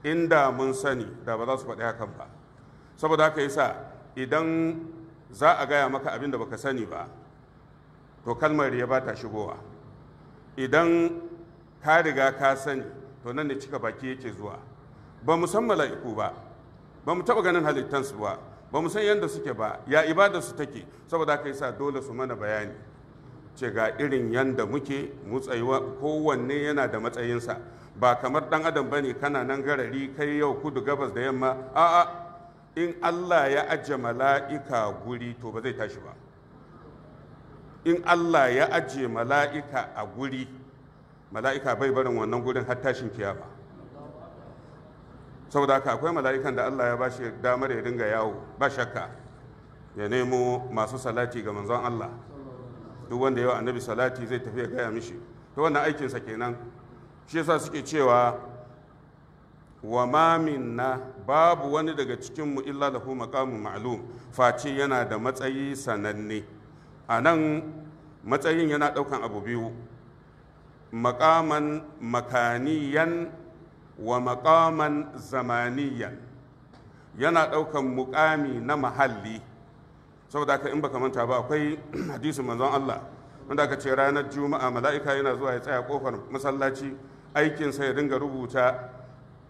inda mun sani da ba za su faɗi hakan ba saboda haka yasa idan za a gaya maka abin da baka sani ba to kalmar ya ba ta shigowa idan ka riga ka sani to nan ne cika baki yake zuwa ba mu san mala'iku ba ba mu taɓa ganin halittansu ba ba mu san yadda suke ba ya ibada su take saboda haka yasa dole su mana bayani ce ga irin yanda muke mutsayuwa kowanne yana da matsayinsa ba kamar ɗan adam ba ne kana nan garari kai yau kudu gabas da yamma a'a in allah ya ajiye mala'ika guri to ba zai tashi ba in allah ya ajiye mala'ika a guri mala'ika bai barin wannan gurin har tashin kiyama saboda haka akwai mala'ikan da allah ya ba shi damar ya dinga yawo ba shakka ya nemo masu salati ga manzon allah duk wanda yawa annabi salati zai tafiya gaya mishi to wannan aikinsa kenan shi yasa suke cewa wa ma minna babu wani daga cikinmu illa lahu maqamun ma'lum face yana da matsayi sananne a nan matsayin yana ɗaukan abu biyu makaman makaniyan wa makaman zamaniyan yana ɗaukan mukami na mahalli saboda haka in baka manta ba akwai hadisin manzon Allah wanda aka ce ranar juma'a mala'ika yana zuwa ya tsaya kofar masallaci aikinsa ya dinga rubuta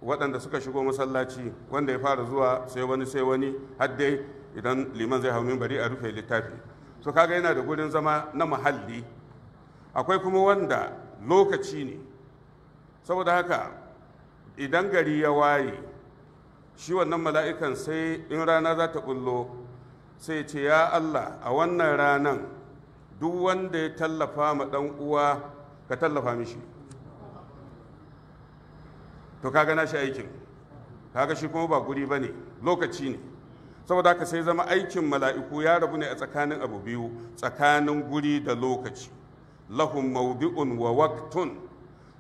waɗanda suka shigo masallaci wanda ya fara zuwa sai wani sai wani har dai idan liman zai hau minbari a rufe littafi to kaga yana da gurin zama na muhalli akwai kuma wanda lokaci ne saboda haka idan gari ya waye shi wannan mala'ikan sai in rana za ta bullo sai ce ya Allah a wannan ranan duk wanda ya tallafa ma dan uwa ka tallafa mishi to kaga shi aikin kaga shi kuma ba guri bane lokaci ne saboda haka sai zama aikin mala'iku ya rabu ne a tsakanin abu biyu tsakanin guri da lokaci lahum mawdi'un wa waqtun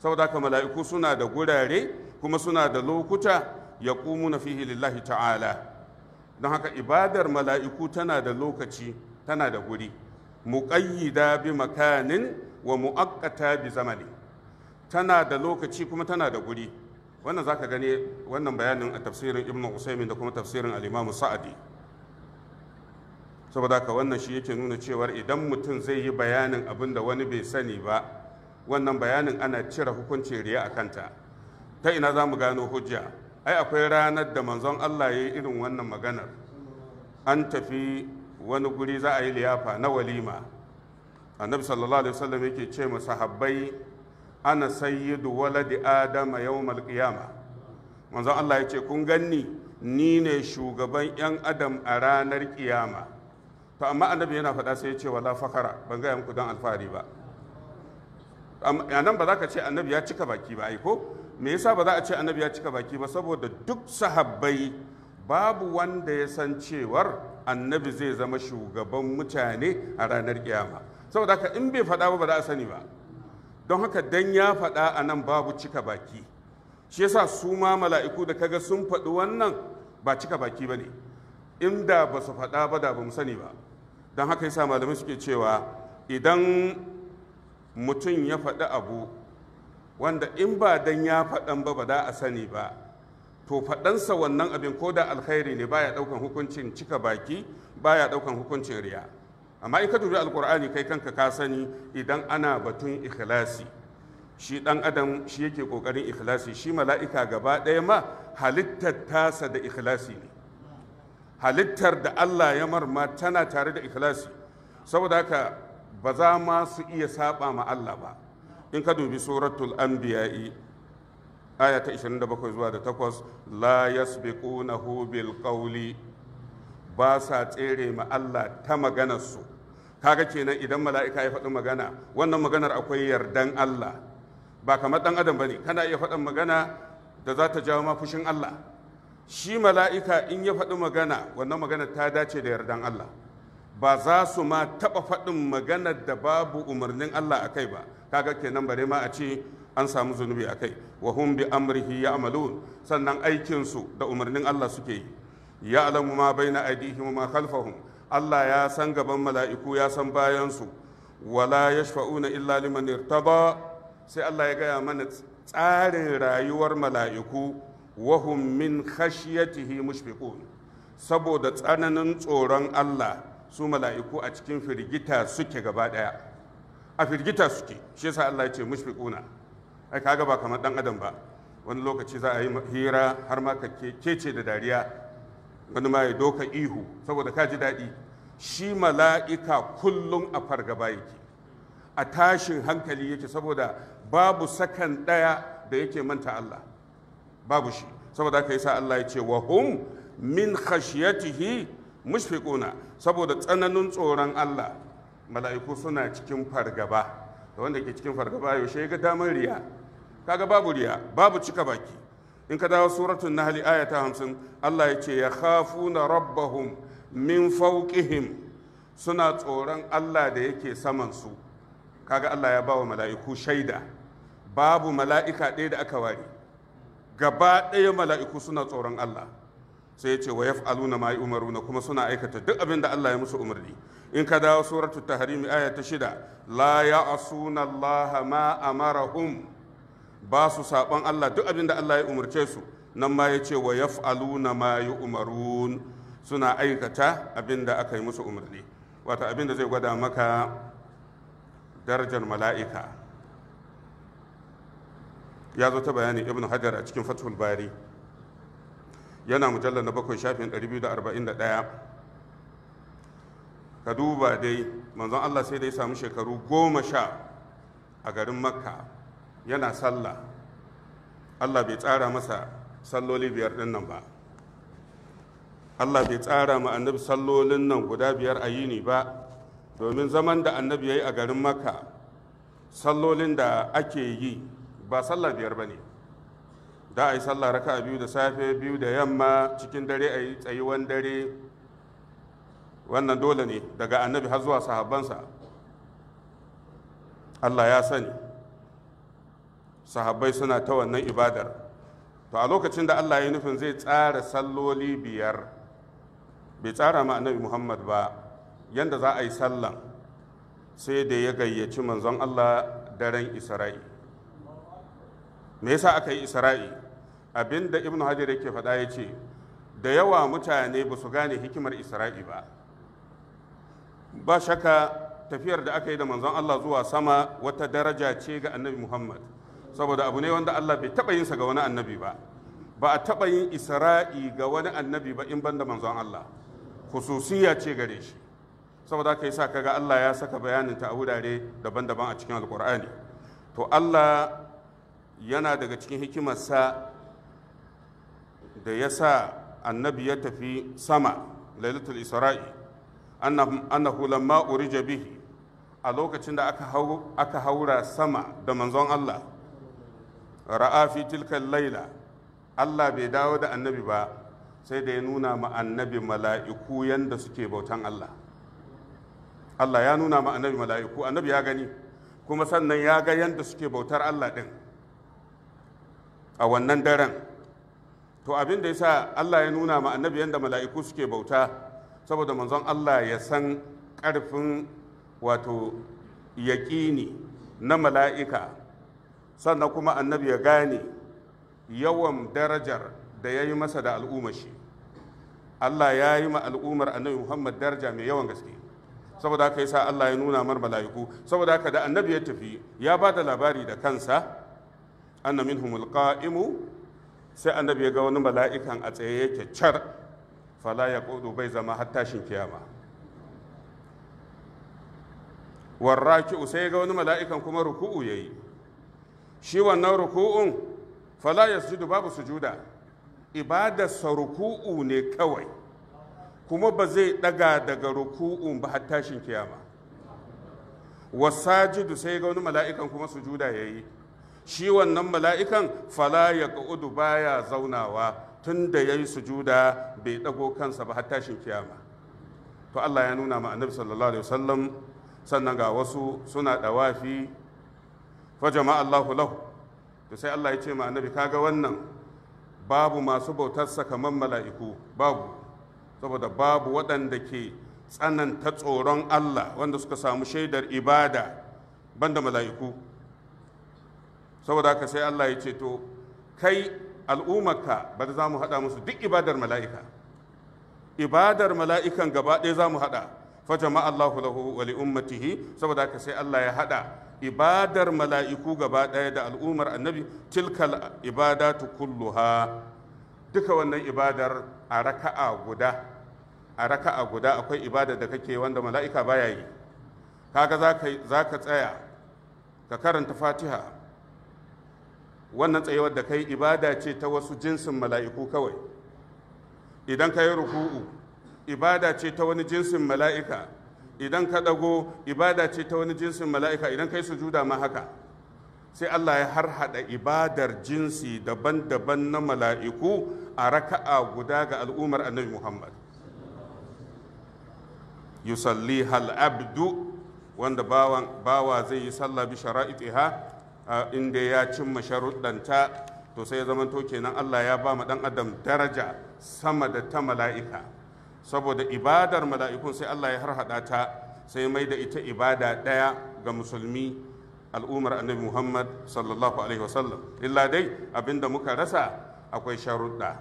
saboda haka mala'iku suna da gurare kuma suna da lokuta yaqumuna fihi lillahi ta'ala don haka ibadar mala'iku tana da lokaci tana da guri muƙayyida bi makanin wa mu'akkata bi zamani tana da lokaci kuma tana da guri wannan zaka gani wannan bayanin a tafsirin ibnu usaimin da kuma tafsirin al sa'adi saboda haka wannan shi yake nuna cewar idan mutum zai yi bayanin abin da wani bai sani ba wannan bayanin ana cire hukuncin riya a kanta ta ina za mu gano hujja ai akwai ranar da manzon Allah ya yi irin wannan maganar an tafi wani guri za a yi liyafa na walima annabi sallallahu alaihi wasallam yake ce mu sahabbai ana sayyidu waladi adama yawmal qiyama manzon Allah ya ce kun ganni ni ne shugaban yan adam a ranar kiyama to amma annabi yana faɗa sai ya ce wala fakara ban ga muku dan alfahari ba a nan ba za ka ce annabi ya cika baki ba ai ko me yasa ba za a ce annabi ya cika baki ba saboda duk sahabbai babu wanda ya san cewar annabi zai zama shugaban mutane a ranar kiyama saboda haka in bai faɗa ba ba za a sani ba don haka dan ya faɗa a nan babu cika baki shi yasa su ma mala'iku da kaga sun faɗi wannan ba cika baki ba ne inda ba su faɗa ba da ba mu sani ba don haka yasa malamai suke cewa idan mutum ya faɗi abu wanda in ba dan ya faɗan ba ba da a sani ba to faɗansa wannan abin ko da alkhairi ne baya ɗaukan hukuncin cika baki baya ɗaukan hukuncin riya amma in ka dubi alkur'ani kai kanka ka sani idan ana batun ikhlasi shi ɗan adam shi yake kokarin ikhlasi shi mala'ika gaba ɗaya ma halittar tasa da ikhlasi halittar da Allah ya marma tana tare da ikhlasi saboda haka ba za ma su iya saba ma Allah ba in ka dubi suratul anbiya'i aya ta 27 zuwa da 8 la yasbiqunahu bil qawli ba sa tsere ma Allah ta maganar su kaga kenan idan mala'ika ya faɗi magana wannan maganar akwai yardan Allah ba kamar ɗan adam bane kana iya faɗin magana da za ta jawo ma fushin Allah shi mala'ika in ya faɗi magana wannan magana ta dace da yardan Allah ba za su ma taɓa faɗin maganar da babu umarnin Allah a kai ba kaga kenan bare ma a ce an samu zunubi a kai wa hum bi amrihi ya'malun sannan aikin su da umarnin Allah suke yi ya alamu ma baina aidihim ma khalfahum Allah ya san gaban mala'iku ya san bayan su wala yashfa'una illa liman irtaba sai Allah ya gaya mana tsarin rayuwar mala'iku wa hum min khashyatihi mushfiqun saboda tsananin tsoron Allah su mala'iku a cikin firgita suke gaba daya a firgita suke shi yasa Allah ya ce mushfiquna ai kaga ba kamar dan adam ba wani lokaci za a yi hira har ma ka kece da dariya wani ma ya doka ihu saboda ka ji daɗi shi mala'ika kullum a fargaba yake a tashin hankali yake saboda babu sakan ɗaya da yake manta Allah babu shi saboda haka yasa Allah ya ce wa hum min khashiyatihi mushfiquna saboda tsananin tsoron Allah mala'iku suna cikin fargaba da wanda ke cikin fargaba yaushe ga damar riya kaga babu riya babu cika baki in ka dawo suratul nahl aya ta 50 Allah ya ce ya khafuna rabbahum min fawqihim suna tsoron Allah da yake saman su kaga Allah ya bawa mala'iku shaida babu mala'ika ɗaya da aka ware gaba ɗaya mala'iku suna tsoron Allah sai ya ce wa yaf'aluna ma na kuma suna aikata duk abin da Allah ya musu umarni in ka dawo suratu tahrim aya ta shida la ya'suna allaha ma amarahum ba su saban Allah duk abin da Allah ya umarce su nan ma yace wa yaf'aluna ma yu'marun suna aikata abin da aka yi musu umarni wato abin da zai gwada maka darajar mala'ika ya zo ta bayani ibn hajar a cikin fathul bari yana mujallar na bakwai shafin 241 ka duba dai manzon Allah sai da ya samu shekaru goma sha a garin makka yana sallah Allah bai tsara masa salloli biyar ɗin nan ba Allah bai tsara ma annabi sallolin nan guda biyar a yini ba domin zaman da annabi ya yi a garin makka sallolin da ake yi ba sallah biyar ba ne da a yi sallah raka biyu da safe biyu da yamma cikin dare a yi tsayuwan dare wannan dole ne daga annabi har zuwa sahabbansa Allah ya sani sahabbai suna ta wannan ibadar to a lokacin da Allah ya nufin zai tsara salloli biyar bai tsara ma annabi Muhammad ba yanda za a yi sallan sai da ya gayyaci manzon Allah daren Isra'i me yasa aka yi Isra'i abinda Ibn Hajar yake faɗa ya ce da yawa mutane ba su gane hikimar Isra'i ba ba shaka tafiyar da aka yi da manzon Allah zuwa sama wata daraja ce ga annabi Muhammad saboda abu ne wanda Allah bai taɓa yinsa ga wani annabi ba ba a taɓa yin isra'i ga wani annabi ba in ban da manzon Allah khususiyya ce gare shi saboda yi sa kaga Allah ya saka bayanin ta a wurare daban-daban a cikin alkur'ani to Allah yana daga cikin hikimarsa da ya sa annabi ya tafi sama lailatul isra'i annahu lamma urija bihi a lokacin da aka haura sama da manzon Allah ra'a fi tilkal laila Allah bai dawo da annabi ba sai da ya nuna ma annabi mala'iku yanda suke bautan Allah Allah ya nuna ma annabi mala'iku annabi ya gani kuma sannan ya ga yanda suke bautar Allah din a wannan daren to abin da yasa Allah ya nuna ma annabi yanda mala'iku suke bauta saboda manzon Allah ya san ƙarfin wato yaƙini na mala'ika sannan kuma annabi ya gane yawan darajar da ya yi masa da al'ummar shi Allah ya yi ma al'ummar annabi Muhammad daraja mai yawan gaske saboda haka yasa Allah ya nuna mar mala'iku saboda haka da annabi ya tafi ya ba da labari da kansa annamin humulka'imu sai annabi ya ga wani mala'ikan a tsaye yake car fala ya ƙudu bai zama hattashin kiyama warraki'u sai ga wani mala'ikan kuma ruku'u ya yi shi wannan ruku'un fala ya sujudu babu sujuda ibadarsa ruku'u ne kawai kuma ba zai ɗaga daga ruku'un ba har tashin kiyama wasajidu sai ga wani mala'ikan kuma sujuda ya yi shi wannan mala'ikan fala ya ƙudu baya zaunawa tun da ya yi sujuda bai ɗago kansa ba har tashin kiyama to Allah ya nuna ma annabi sallallahu alaihi wasallam sannan ga wasu suna ɗawafi fa jama'a Allahu lahu to sai Allah ya ce ma annabi kaga wannan babu masu bautarsa kamar mala'iku babu saboda babu waɗanda ke tsananta tsoron Allah wanda suka samu shaidar ibada banda mala'iku saboda haka sai Allah ya ce to kai al'ummarka ba za mu haɗa musu duk ibadar mala'ika ibadar mala'ikan gaba ɗaya za mu haɗa fajama Allahu lahu wa li ummatihi saboda ka sai Allah ya haɗa ibadar mala'iku gaba ɗaya da al'ummar annabi tilkal ibadatu kulluha duka wannan ibadar a raka'a guda a raka'a guda akwai ibada da kake wanda mala'ika baya yi kaga za ka tsaya ka karanta fatiha wannan tsayawar da kai ibada ce ta wasu jinsin mala'iku kawai idan ka yi ruku'u ibada ce ta wani jinsin mala'ika idan ka ɗago ibada ce ta wani jinsin mala'ika idan ka yi sujuda ma haka sai Allah ya harhaɗa ibadar jinsi daban-daban na mala'iku a raka'a guda ga al'ummar annabi Muhammad yusalli hal abdu wanda bawa zai yi sallah bi shara'i'iha Inda ya cimma sharuɗanta to sai ya zama zamanto kenan Allah ya ba mu dan adam daraja sama da ta mala'ika saboda ibadar mala'ikun sai Allah ya harhaɗa ta sai mai da ita ibada ɗaya ga musulmi al'ummar annabi Muhammad sallallahu alaihi wasallam illa dai abinda muka rasa akwai sharuɗa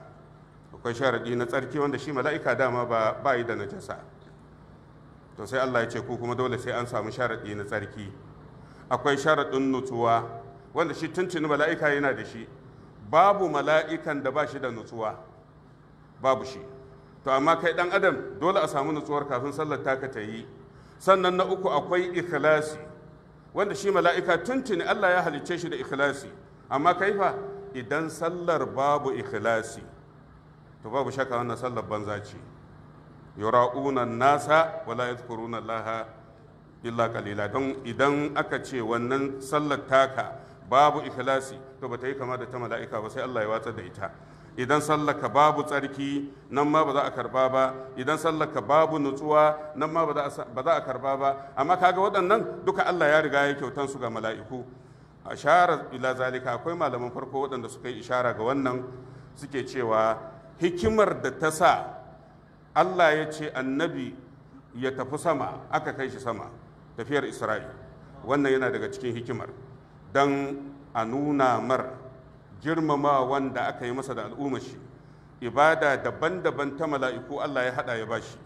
akwai sharaɗi na tsarki wanda shi mala'ika dama ba yi da najasa to sai Allah ya ce ku kuma dole sai an samu sharaɗi na tsarki akwai sharaɗin nutsuwa wanda shi tuntuni mala'ika yana da shi babu mala'ikan da ba shi da nutsuwa babu shi to amma kai ɗan adam dole a samu nutsuwar kafin sallar taka ta yi sannan na uku akwai ikhlasi wanda shi mala'ika tuntuni Allah ya halicce shi da ikhlasi amma kai fa idan sallar babu ikhlasi to babu shakka wannan sallar banza ce yura'una nasa wala yadhkuruna Allah illa kalila don idan aka ce wannan sallar taka babu ikhlasi to ba ta yi kama da ta mala'ika ba sai Allah ya watsar da ita idan sallaka babu tsarki nan ma ba za a karba ba idan sallaka babu nutsuwa nan ma ba za a karba ba amma kaga waɗannan duka Allah ya riga ya kyautan su ga mala'iku ashara ila zalika akwai malaman farko waɗanda suka yi ishara ga wannan suke cewa hikimar da ta sa Allah ya ce annabi ya tafi sama aka kai shi sama tafiyar isra'i wannan yana daga cikin hikimar don a nuna mar girmama wanda aka yi masa da al'ummar shi ibada daban-daban ta mala'iku Allah ya hada ya bashi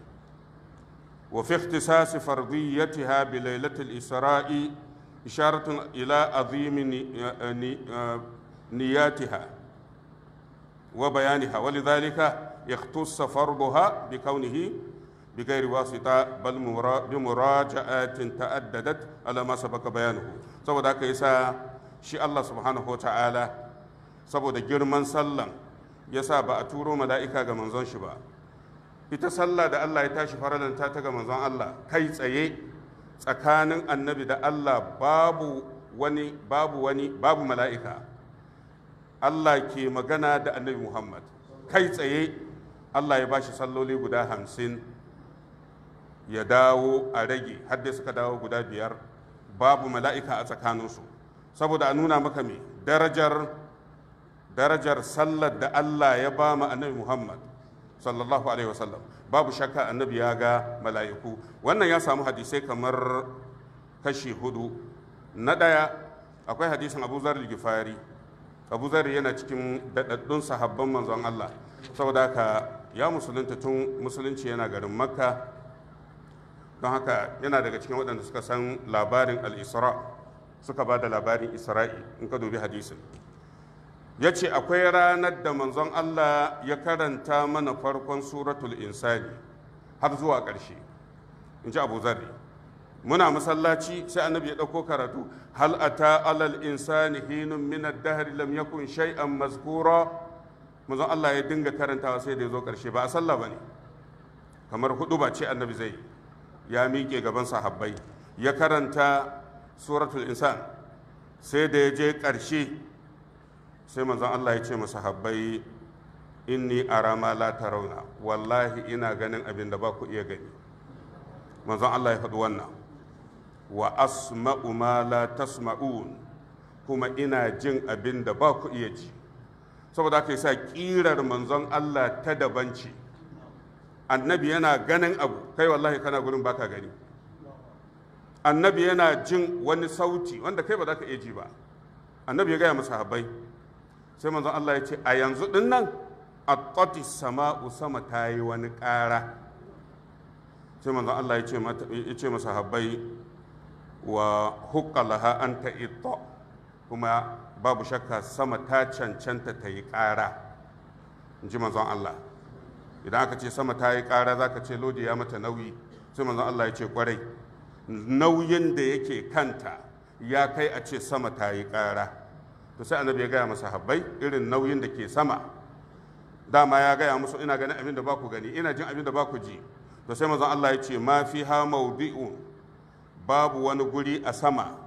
wa fi ikhtisasi fardiyatiha bi lailatul isra'i isharatun ila azimi eh, eh, niyatiha wa bayaniha walidhalika ikhtussa farduha bi kaunihi بغير واسطة بل بمراجعة تعددت على ما سبق بيانه saboda haka yasa shi Allah subhanahu wa ta'ala saboda girman sallan yasa ba a turo mala'ika ga manzon shi ba ita sallah da Allah ya tashi faralanta ta ga manzon Allah kai tsaye tsakanin annabi da Allah babu wani babu mala'ika Allah ke magana da annabi Muhammad kai tsaye Allah ya bashi salloli guda hamsin ya dawo a rage har suka dawo guda biyar babu mala'ika a tsakaninsu saboda a nuna maka me darajar darajar sallar da Allah ya ba mu annabi Muhammad sallallahu alaihi wasallam babu shakka annabi ya ga mala'iku wannan ya samu hadisai kamar kashi hudu na ɗaya akwai hadisin Abu Zar Gifari Abu Zar yana cikin daɗaɗɗun sahabban manzon Allah saboda ka ya musulunta tun musulunci yana garin Makka don haka yana daga cikin waɗanda suka san labarin Al-Isra suka ba da labarin isra'i in ka dubi hadisin ya ce akwai ranar da manzon allah ya karanta mana farkon suratul insani har zuwa ƙarshe in ji abu zarri muna masallaci sai annabi ya ɗauko karatu hal ata alal insani hinun min ad-dahr lam yakun shay'an mazkura manzon allah ya dinga karantawa sai da ya zo ƙarshe ba a sallah ne. kamar hudu ba ce annabi zai yi ya miƙe gaban sahabbai ya karanta suratul insan sai da ya je ƙarshe sai manzon Allah ya ce masa habbai inni ni a la latarauna wallahi ina ganin abin da ba ku iya gani manzon Allah ya faɗi wannan wa asma'u ma la tasma'un kuma ina jin abin da ba ku iya ji saboda yi sa kirar manzon Allah ta daban ce annabi yana ganin abu kai wallahi kana gurin baka gani annabi yana jin wani sauti wanda kai ba za ka iya ji ba annabi ya gaya masa habai sai manzon Allah ya ce a yanzu din nan attati sama'u sama ta yi wani ƙara sai manzon Allah ya ce masa habai wa hukkalaha an ta ito kuma babu shakka sama ta cancanta ta yi ƙara in ji manzon Allah idan aka ce sama ta yi ƙara za ka ce lodi ya mata nauyi sai manzo Allah ya ce kwarai nauyin da yake kanta ya kai a ce sama ta yi ƙara to sai annabi ya gaya masa habbai irin nauyin da ke sama dama ya gaya musu ina ganin abin da ba ku gani ina jin abin da ba ku ji to sai manzo Allah ya ce ma fi ha maudi'un babu wani guri a sama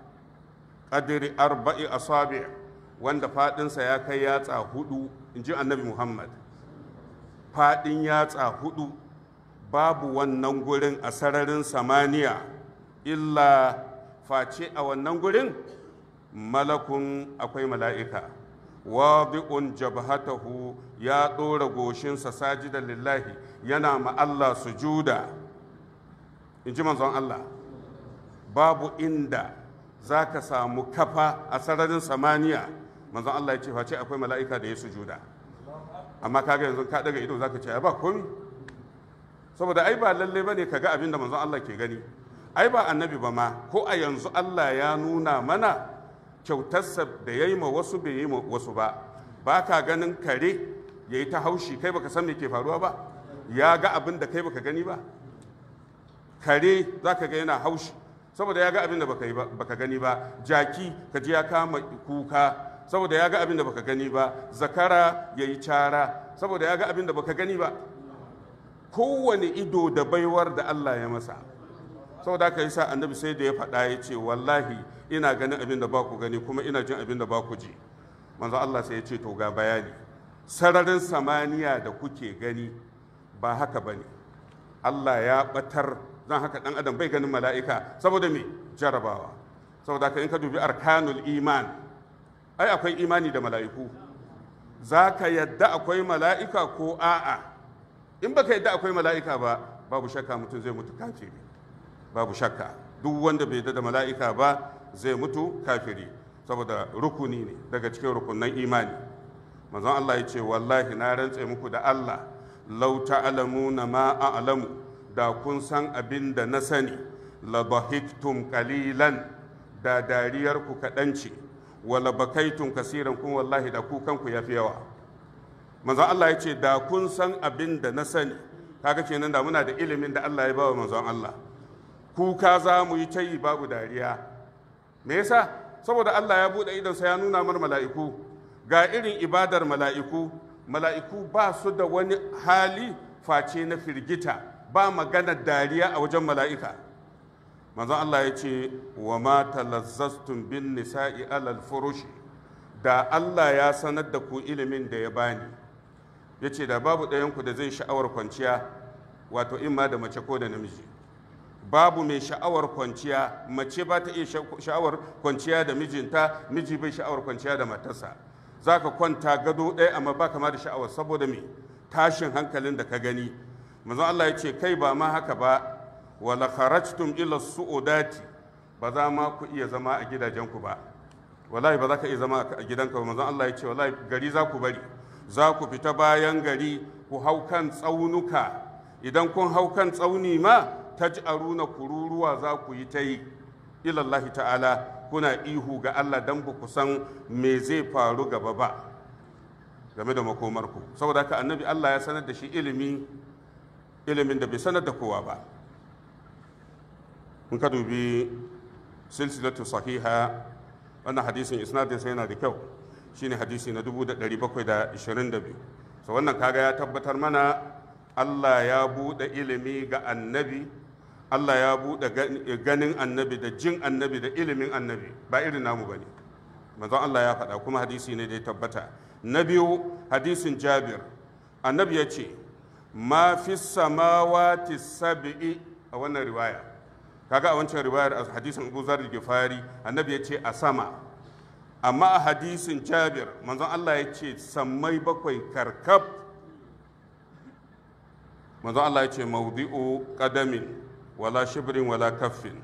qadri arba'i asabi' wanda faɗinsa ya kai yatsa hudu in ji annabi Muhammad faɗin yatsa hudu babu wannan gurin a sararin samaniya illa face a wannan gurin malakun akwai mala'ika wadi'un jabhatahu ya ɗora goshinsa da lillahi yana ma Allah juda in ji manzon Allah babu inda za ka samu kafa a sararin samaniya manzon Allah ya ce face akwai mala'ika da ya juda. amma kaga yanzu ka daga ido zaka ce ba komi saboda ai ba lalle bane kaga abin da manzon Allah ke gani ai ba annabi ba ma ko a yanzu Allah ya nuna mana kyautarsa da yayi ma wasu bai yi ma wasu ba ba ka ganin kare yayi ta haushi kai baka san me ke faruwa ba ya ga abin da kai baka gani ba kare zaka ga yana haushi saboda ya ga abin da baka gani ba jaki ka ji ya kama kuka saboda ya ga abin da baka gani ba zakara ya yi cara saboda ya ga abin da baka gani ba kowane ido da baiwar da Allah ya masa saboda haka sa annabi sai da ya faɗa ya ce wallahi ina ganin abin da ba ku gani kuma ina jin abin da ba ku ji manzo Allah sai ya ce to ga bayani sararin samaniya da kuke gani ba haka bane Allah ya batar zan haka ɗan adam bai ganin mala'ika saboda mai jarabawa saboda haka in ka dubi arkanul iman ai akwai imani da mala'iku za ka yadda akwai mala'ika ko a'a in baka yadda akwai mala'ika ba babu shakka mutum zai mutu kafiri babu shakka duk wanda bai yadda da mala'ika ba zai mutu kafiri saboda rukuni ne daga cikin rukunan imani manzon Allah ya ce wallahi na rantse muku da Allah law alamu ma a'lamu da kun san abin da na sani la kalilan da dariyar ku kaɗan wala bakaitun kasiran kun wallahi da ku kanku fi yawa manzon Allah yace da kun san abin da na sani kaga kenan da muna da ilimin da Allah ya bawa manzon Allah kuka za mu yi tayi babu dariya me yasa saboda Allah ya bude sa ya nuna mana mala'iku ga irin ibadar mala'iku mala'iku ba su da wani hali face na firgita ba magana dariya a wajen mala'ika manzo Allah ya ce wa ma talazzastum bin nisa'i alal furushi da Allah ya sanar da ku ilimin da ya bani ya ce da babu ɗayanku da zai sha'awar kwanciya wato in ma da mace ko da namiji babu mai sha'awar kwanciya mace ba ta iya sha'awar kwanciya da mijinta miji bai sha'awar kwanciya da matarsa za ka kwanta gado ɗaya amma ba kama da sha'awar saboda me tashin hankalin da ka gani manzo Allah ya ce kai ba ma haka ba wala kharajtum ila su'udati ba za ma ku iya zama a gidajenku ba wallahi ba za ka iya zama a gidanka ba manzon Allah ya ce wallahi gari za ku bari za ku fita bayan gari ku hau kan tsaunuka idan kun hau kan tsauni ma taj'aruna kururuwa za ku yi ta yi ilallahi ta'ala kuna ihu ga Allah dan ku san me zai faru gaba ba game da makomarku saboda haka annabi Allah ya sanar da shi ilimi ilimin da bai sanar da kowa ba in ka dubi silsilatu sahiha wannan hadisin isnadin sa yana da kyau shine hadisi na 1722 so wannan kaga ya tabbatar mana Allah ya bude ilimi ga annabi Allah ya bude ganin annabi da jin annabi da ilimin annabi ba irin namu bane manzon Allah ya faɗa kuma hadisi ne da ya tabbata na biyu hadisin Jabir annabi ya ce ma fi samawati sab'i a wannan riwaya kaga a wancan riwayar a hadisin Abu Zar Gifari annabi ya ce a sama amma a hadisin Jabir manzon Allah ya ce sammai bakwai karkab manzon Allah ya ce mawdi'u qadamin wala shibrin wala kaffin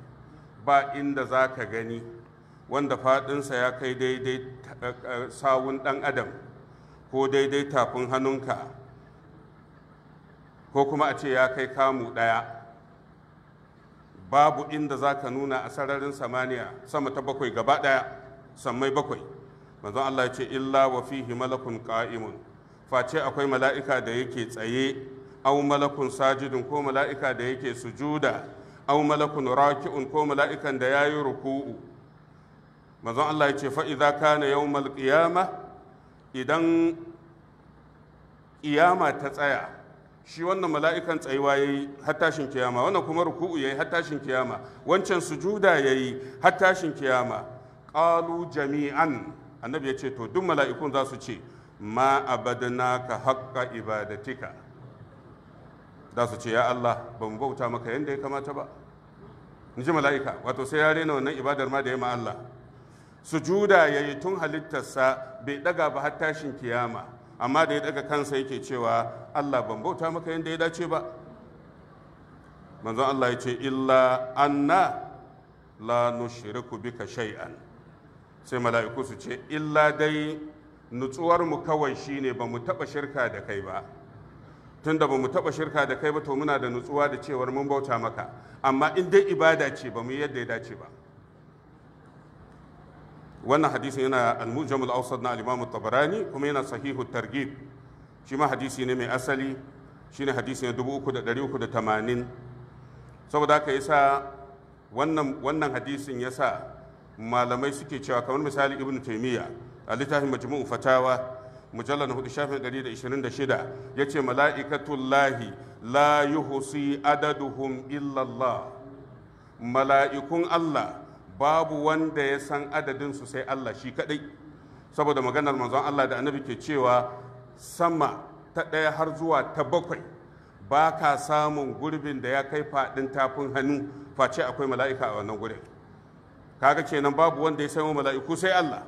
ba inda za ka gani wanda fadinsa ya kai daidai eh, sawun ɗan adam ko daidai tafin hannunka ko kuma a ce ya kai kamu ɗaya babu inda za ka nuna a sararin samaniya sama ta bakwai gaba ɗaya sammai bakwai manzon Allah ya ce illa wa fihi malakun qa'imun face akwai mala'ika da yake tsaye aw malakun sajidun ko mala'ika da yake sujuda aw malakun raki'un ko mala'ikan da yayi ruku'u manzon Allah ya ce fa idza kana yawmal idan ƙiyama ta tsaya shi wannan mala'ikan tsayuwa ya yi hattashin kiyama wannan kuma ruku'u ya yi hattashin kiyama wancan sujuda ya yi hattashin kiyama ƙalu jami'an annabi ya ce to duk mala'ikun za su ce ma abadana ka haƙƙa ibadatika za su ce ya Allah ba mu bauta maka yadda ya kamata ba in ji mala'ika wato sai ya rena wannan ibadar ma da ya ma Allah sujuda ya yi tun halittarsa bai ɗaga ba hattashin kiyama amma da ya daga kansa yake cewa Allah ban bauta maka yadda ya dace ba manzon Allah ya ce illa anna la nushriku bika shay'an sai mala'iku su ce illa dai nutsuwar mu kawai shine ba mu taba shirka da kai ba tun da ba mu taba shirka da kai ba to muna da nutsuwa da cewar mun bauta maka amma in dai ibada ce ba mu yadda ya dace ba wannan hadisin yana al-mujamul awsat na al-imam tabarani kuma yana sahihu targhib shi ma hadisi ne mai asali shine hadisi na 3380 saboda haka yasa wannan wannan hadisin yasa malamai suke cewa kamar misali ibnu taymiya a littafin majmu'u fatawa mujallar hudu shafin 126 ya ce mala'ikatullahi la yuhsi adaduhum illallah mala'ikun Allah babu wanda ya san adadin su sai Allah shi kaɗai saboda maganar manzon Allah da annabi ke cewa sama ta ɗaya har zuwa ta bakwai ba ka samun gurbin da ya kai faɗin tafin hannu face akwai mala'ika a wannan gurin kaga kenan babu wanda ya san mala'iku sai Allah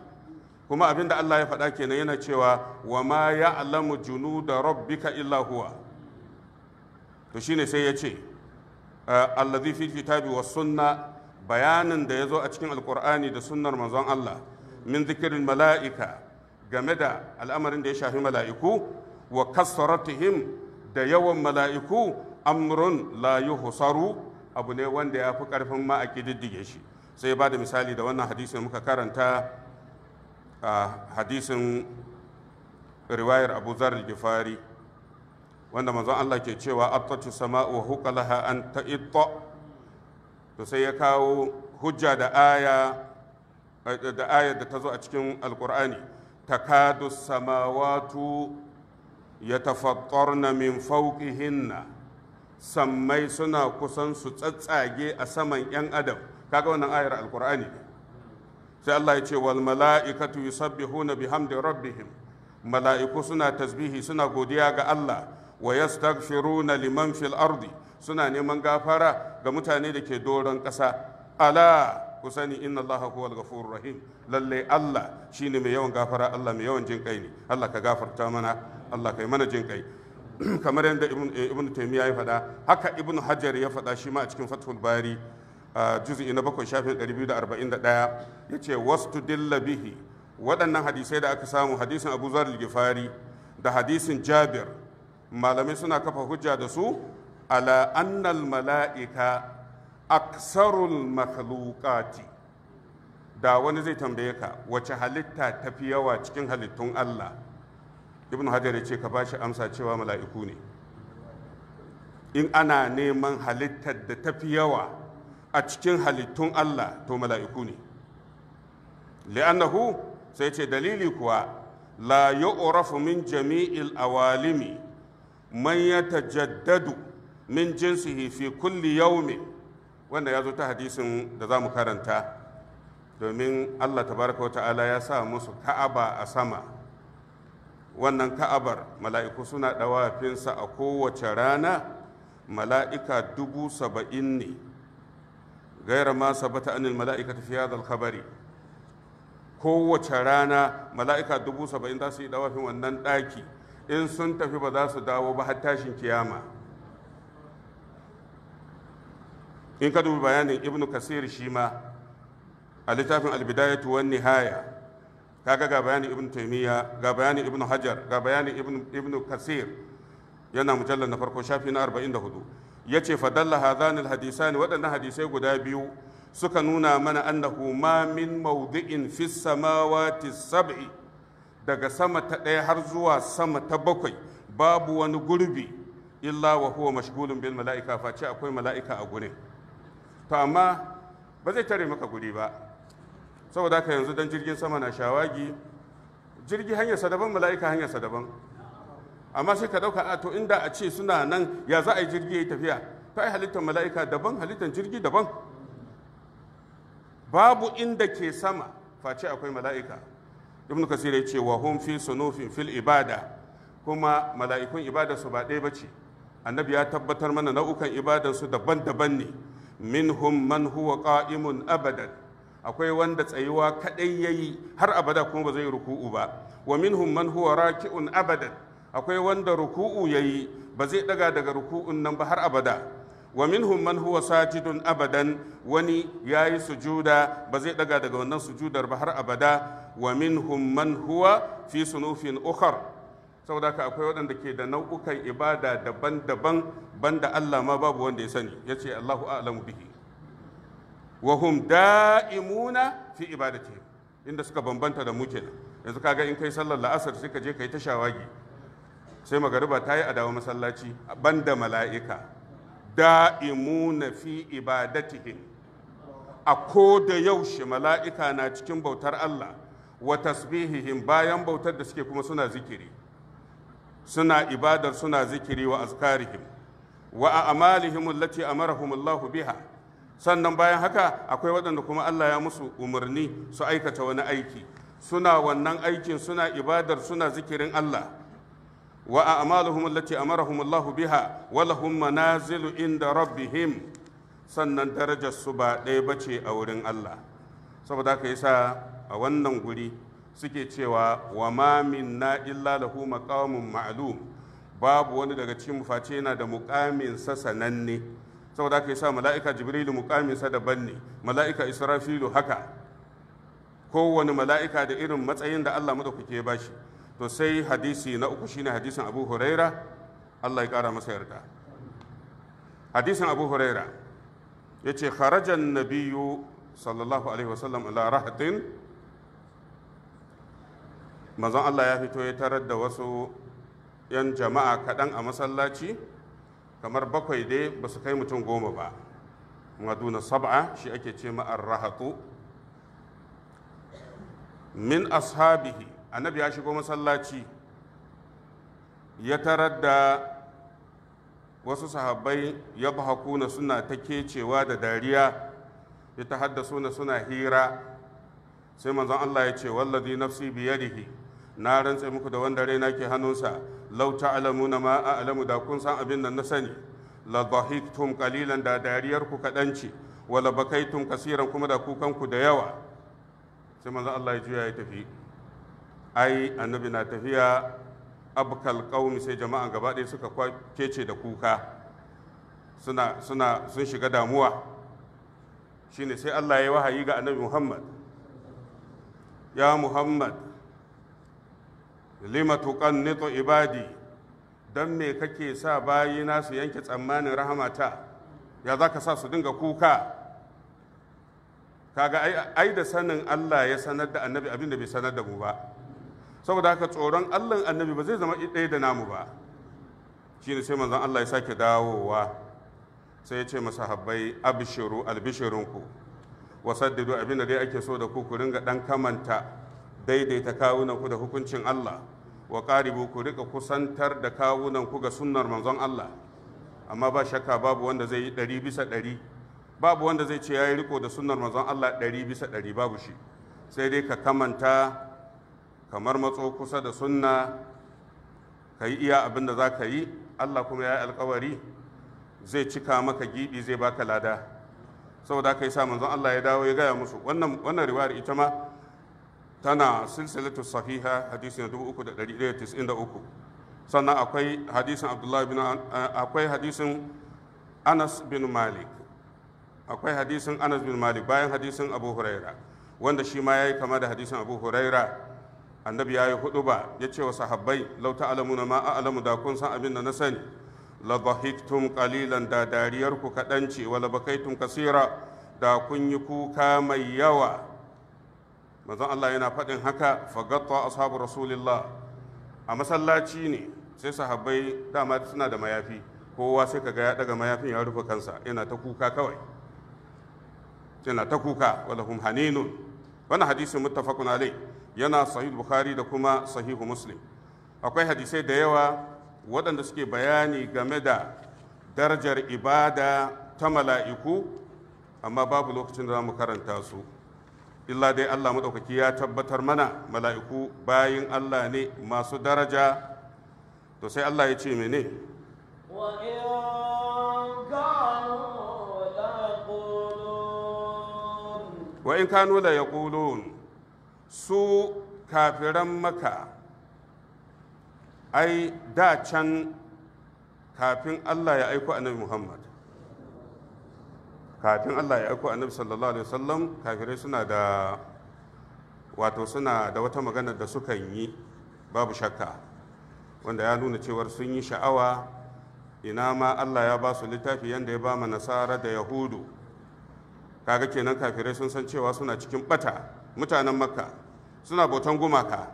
kuma abinda Allah ya faɗa kenan yana cewa wa ma ya'lamu junuda rabbika illa huwa to shine sai ya ce allazi fi kitabi was sunna bayanin da ya zo a cikin alkur'ani da sunnar manzon Allah min zikirin mala'ika game da al'amarin da ya shafi mala'iku wa kassaratihim da yawan mala'iku amrun la yuhsaru abu ne wanda ya fi karfin ma a kididdige shi sai ba da misali da wannan hadisin muka karanta a hadisin riwayar abu zarar gifari wanda manzon Allah ke cewa attatu sama'u huqalaha an ta'itta to sai ya kawo hujja da aya da ayar da ta zo a cikin alkur'ani takadu samawatu ya tafattarna min fauƙihinna sammai suna kusan su tsatsage a saman 'yan adam kaga wannan ayar alkur'ani sai Allah ya ce wal mala'ikatu yusabbihuna bihamdi rabbihim mala'iku suna tasbihi suna godiya ga Allah wa yastaghfiruna liman fil ardi suna neman gafara ga mutane da ke doron ƙasa ala ku sani inna Allah huwal ghafurur rahim lalle Allah shine mai yawan gafara Allah mai yawan jin kai ne Allah ka gafarta mana Allah kai mana jin kai kamar yadda ibn eh, taymiya ya faɗa haka ibn hajar ya faɗa shi ma a cikin fathul bari juz'i na bakwai shafin 241 yace wastu dilla bihi waɗannan hadisai da aka samu hadisin Abu Zar al-Ghifari da hadisin Jabir malamai suna kafa hujja da su ala annal mala'ika aksarul makhluqati da wani zai tambaye ka wace halitta tafi yawa cikin halittun Allah ibn hajar ya ce ka bashi amsa cewa mala'iku ne in ana neman halittar da tafi yawa a cikin halittun Allah to mala'iku ne li'annahu sai ce dalili kuwa la yu'rafu min jami'il awalimi man yatajaddadu min jinsihi fi kulli yaumin wanda ya zo ta hadisin da za mu karanta domin allah tabaraka wa ta'ala ya sa musu ka'aba a sama wannan ka'abar mala'iku suna ɗawafinsa a kowace rana mala'ika dubu saba'in ne gaira ma sabata anil mala'ika tafiya da alkhabari kowace rana mala'ika dubu saba'in za su yi ɗawafin wannan ɗaki in sun tafi ba za su dawo ba har tashin kiyama in ka dubi bayanin ibn kasir shi ma a littafin albidayatu wan nihaya kaga ga bayanin ibn taymiya ga bayanin ibn hajar ga bayanin ibn ibn kasir yana mujallar na farko shafi na 44 yace fadalla hadhan alhadisan wadannan hadisai guda biyu suka nuna mana annahu ma min mawdi'in fis samawati sab'i daga sama ta ɗaya har zuwa sama ta bakwai babu wani gurbi illa wa huwa mashgulun bil mala'ika face akwai mala'ika a gurin to amma ba zai tare maka guri ba saboda haka yanzu dan jirgin sama na shawagi jirgi hanyarsa daban mala'ika hanyarsa daban amma sai ka ɗauka a to inda a ce suna nan ya za a yi jirgi ya yi tafiya to ai halittar mala'ika daban halittar jirgi daban babu inda ke sama face akwai mala'ika ibn kasir ya ce wa hum fi sunufin fil ibada kuma mala'ikun ibada su ba ɗaya ba ce annabi ya tabbatar mana nau'ukan ibadarsu daban-daban ne minhum man huwa qa'imun abadan akwai wanda tsayuwa kadai yayi har abada kuma ba zai ruku'u ba wa minhum man huwa raki'un abadan akwai wanda ruku'u yayi ba zai daga daga ruku'un nan ba har abada wa minhum man huwa sajidun abadan wani yayi sujuda ba zai daga daga wannan sujudar ba har abada wa minhum man huwa fi sunufin ukhra saboda haka akwai waɗanda ke da nau'ukan ibada daban-daban banda Allah ma babu wanda ya sani ya ce Allahu a'lamu bihi wa hum da'imuna fi ibadati inda suka bambanta da mu kenan yanzu kaga in kai sallar la'asar sai ka je kai ta shawagi sai magariba ta yi adawa masallaci banda mala'ika da'imuna fi ibadatihim a ko da yaushe mala'ika na cikin bautar Allah wa tasbihihim bayan bautar da suke kuma suna zikiri suna ibadar suna zikiri wa azkarihim wa a amalihim allati amarahum Allah biha sannan bayan haka akwai waɗanda kuma Allah ya musu umarni su aikata wani aiki suna wannan aikin suna ibadar suna zikirin Allah wa a amaluhum allati amarahum Allah biha wa lahum manazilu inda rabbihim sannan darajar su ba ɗaya bace a wurin Allah saboda haka yasa a wannan guri suke cewa wa ma minna illa lahu maqamun ma'lum babu wani daga cikin face yana da muƙamin sa sananne saboda haka sa mala'ika jibrilu muƙamin sa daban ne mala'ika israfilu haka kowane mala'ika da irin matsayin da Allah madaukake ba shi to sai hadisi na uku shine hadisin Abu Huraira Allah ya kara masa yarda hadisin Abu Huraira yace kharajan nabiyyu sallallahu alaihi wasallam ala rahatin manzon Allah ya fito ya tarar da wasu 'yan jama'a kaɗan a masallaci kamar bakwai dai ba su kai mutum goma ba maduna sab'a shi ake ce ma'ar rahatu min ashabihi annabi ya shigo masallaci ya tarar da wasu sahabbai ya bahakuna suna ta kecewa da dariya ya ta haddasa suna hira sai manzon Allah ya ce wallazi nafsi biyadihi na rantse muku da wanda raina ke hannunsa alamu na ma a'lamu da kun san abin nan na sani la dhahiktum qalilan da dariyar ku kadan ce wala bakaitum kasiran kuma da kukanku da yawa sai manzo Allah ya juya ya tafi ai annabi na tafiya abkal qaumi sai jama'an gaba ɗaya suka kece da kuka suna sun shiga damuwa shine sai Allah ya wahayi ga annabi Muhammad ya Muhammad lima tuqannitu ibadi dan me kake sa bayina su yanke tsammanin rahamata ya zaka sa su dinga kuka kaga ai da sanin Allah ya sanar da annabi abin da bai sanar da mu ba saboda haka tsoron Allah annabi ba zai zama ɗaya da namu ba shine sai manzon Allah ya sake dawowa sai ya ce masa habbai abshiru albishirunku wasaddidu abin da dai ake so da ku ku ringa dan kamanta daidaita kawunanku da hukuncin Allah wa ƙaribu ku rika kusantar da kawunanku ga sunnar manzon Allah amma ba shakka babu wanda zai yi ɗari bisa ɗari babu wanda zai ce ya yi riko da sunnar manzon Allah ɗari bisa ɗari babu shi sai dai ka kamanta kamar matso kusa da sunna ka yi iya abin da za ka yi Allah kuma ya yi alkawari zai cika maka giɗi, zai baka lada saboda yi sa manzon Allah ya dawo ya gaya musu wannan wannan riwayar ita ma tana silsilatu sahiha hadisi na 3,193 sannan akwai hadisin abdullahi bin eh, akwai hadisin anas bin malik akwai hadisin anas bin malik bayan hadisin abu huraira wanda shi ma ya yi kama da hadisin abu huraira annabi ya yi hudu ba ya ce wa sahabbai lauta alamu na ma'a da kun san abin da na sani la bahiktum qalilan da dariyar ku kaɗan ce wala bakaitum kasira da kun yi kuka mai yawa manzon Allah yana faɗin haka fagatta ashabu rasulillah a masallaci ne sai sahabbai dama suna da mayafi kowa sai kaga ya daga mayafin ya rufe kansa yana ta kuka kawai yana ta kuka walahum haninun wannan hadisin muttafaqun alai yana sahih bukhari da kuma sahihu muslim akwai hadisai da yawa waɗanda suke bayani game da darajar ibada ta mala'iku amma babu lokacin da za mu karanta su illa dai Allah maɗaukaki ya tabbatar mana mala'iku bayin Allah ne masu daraja to sai Allah ya ce mene wa in kanu la yaqulun su kafiran maka ai da can kafin Allah ya aiko annabi Muhammad kafin Allah ya aiko annabi sallallahu alaihi wasallam kafirai suna da wato suna da wata magana da sukan yi babu shakka wanda ya nuna cewar sun yi sha'awa ina ma Allah ya ba su littafi yanda ya ba ma nasara da yahudu kaga kenan kafirai sun san cewa suna cikin bata mutanen makka suna bautan gumaka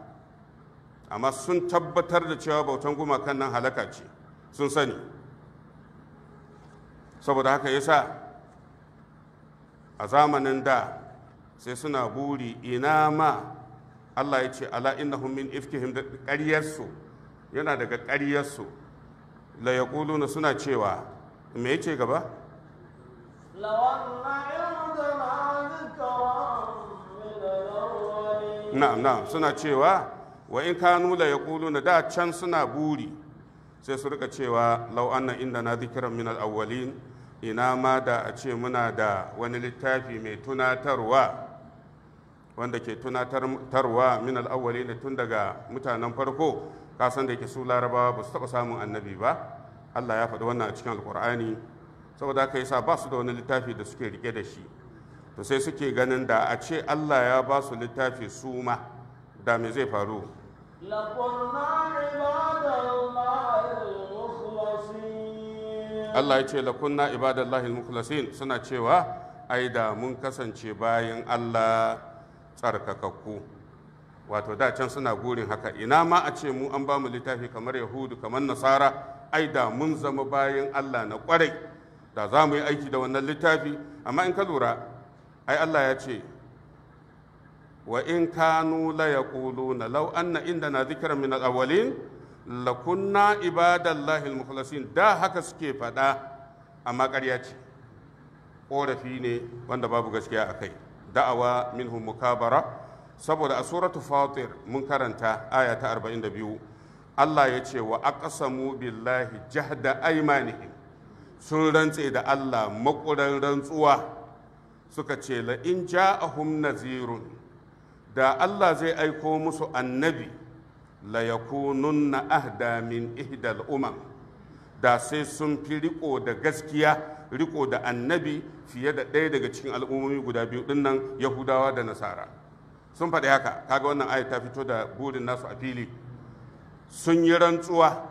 amma sun tabbatar da cewa bautan gumakan nan halaka ce sun sani saboda haka yasa a zamanin da sai suna buri ina ma Allah ya ce ala innahum min ifkihim da ƙaryarsu yana daga ƙaryarsu la ƙuluna suna cewa me ce gaba na'am na'am suna cewa wa in kanu la na da can suna buri sai su rika cewa lauanna inda na zikiran min al-awwalin ina ma da a ce muna da wani littafi mai tunatarwa wanda ke tunatarwa min al'awwali da tun daga mutanen farko kasan da ke su larabawa ba su taɓa samun annabi ba allah ya faɗi wannan a cikin alƙur'ani saboda yi sa ba su da wani littafi da suke rike da shi to sai suke ganin da a ce allah ya ba su littafi su ma da me zai faru لقلنا عباد الله المخلصين Allah ya ce lakunna ibadallahi al-mukhlasin suna cewa ai da mun kasance bayan Allah tsarkakakku wato da can suna gurin haka ina ma a ce mu an bamu littafi kamar yahudu kamar nasara ai da mun zama bayan Allah na kwarai da za mu yi aiki da wannan littafi amma in ka lura ai Allah ya ce wa in kanu la yaquluna law anna indana dhikran min al-awwalin lakunna Ibadan al-mukhlasin da haka suke faɗa amma ƙarya ce ƙorafi ne wanda babu gaskiya a kai da'awa minhum mukabara saboda a suratu fatir mun karanta aya ta 42 Allah ya ce wa aqsamu billahi jahda aymanihim sun rantse da Allah makuran rantsuwa suka ce la in ja'ahum nazirun da Allah zai aiko musu annabi layakununna ahda min ihdal umam da sai sun fi riko da gaskiya riko da annabi fiye da ɗaya daga cikin al'ummomi guda biyu dinnan yahudawa da nasara sun faɗi haka kaga wannan aya ta fito da burin nasu a fili sun yi rantsuwa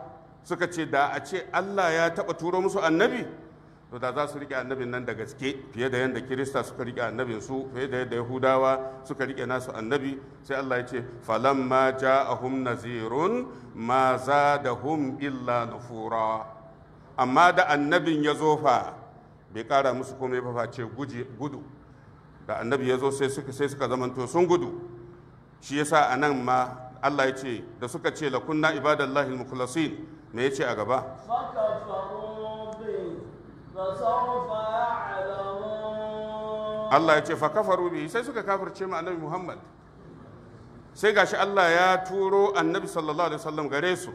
suka ce da a ce allah ya taɓa turo musu annabi to da za su rike annabin nan da gaske fiye da yadda kirista suka rike annabin su fiye da yadda yahudawa suka rike nasu annabi sai Allah ya ce ma ja'ahum nazirun ma hum illa nufura amma da annabin ya zo fa bai kara musu komai ba face gudu da annabi ya zo sai suka sai suka zamanto sun gudu shi yasa anan ma Allah ya ce da suka ce lakunna ibadallahi al-mukhlasin me yace a gaba Allah ya ce fa kafaru bi sai suka kafirce mu annabi Muhammad sai gashi Allah ya turo annabi sallallahu alaihi wasallam gare su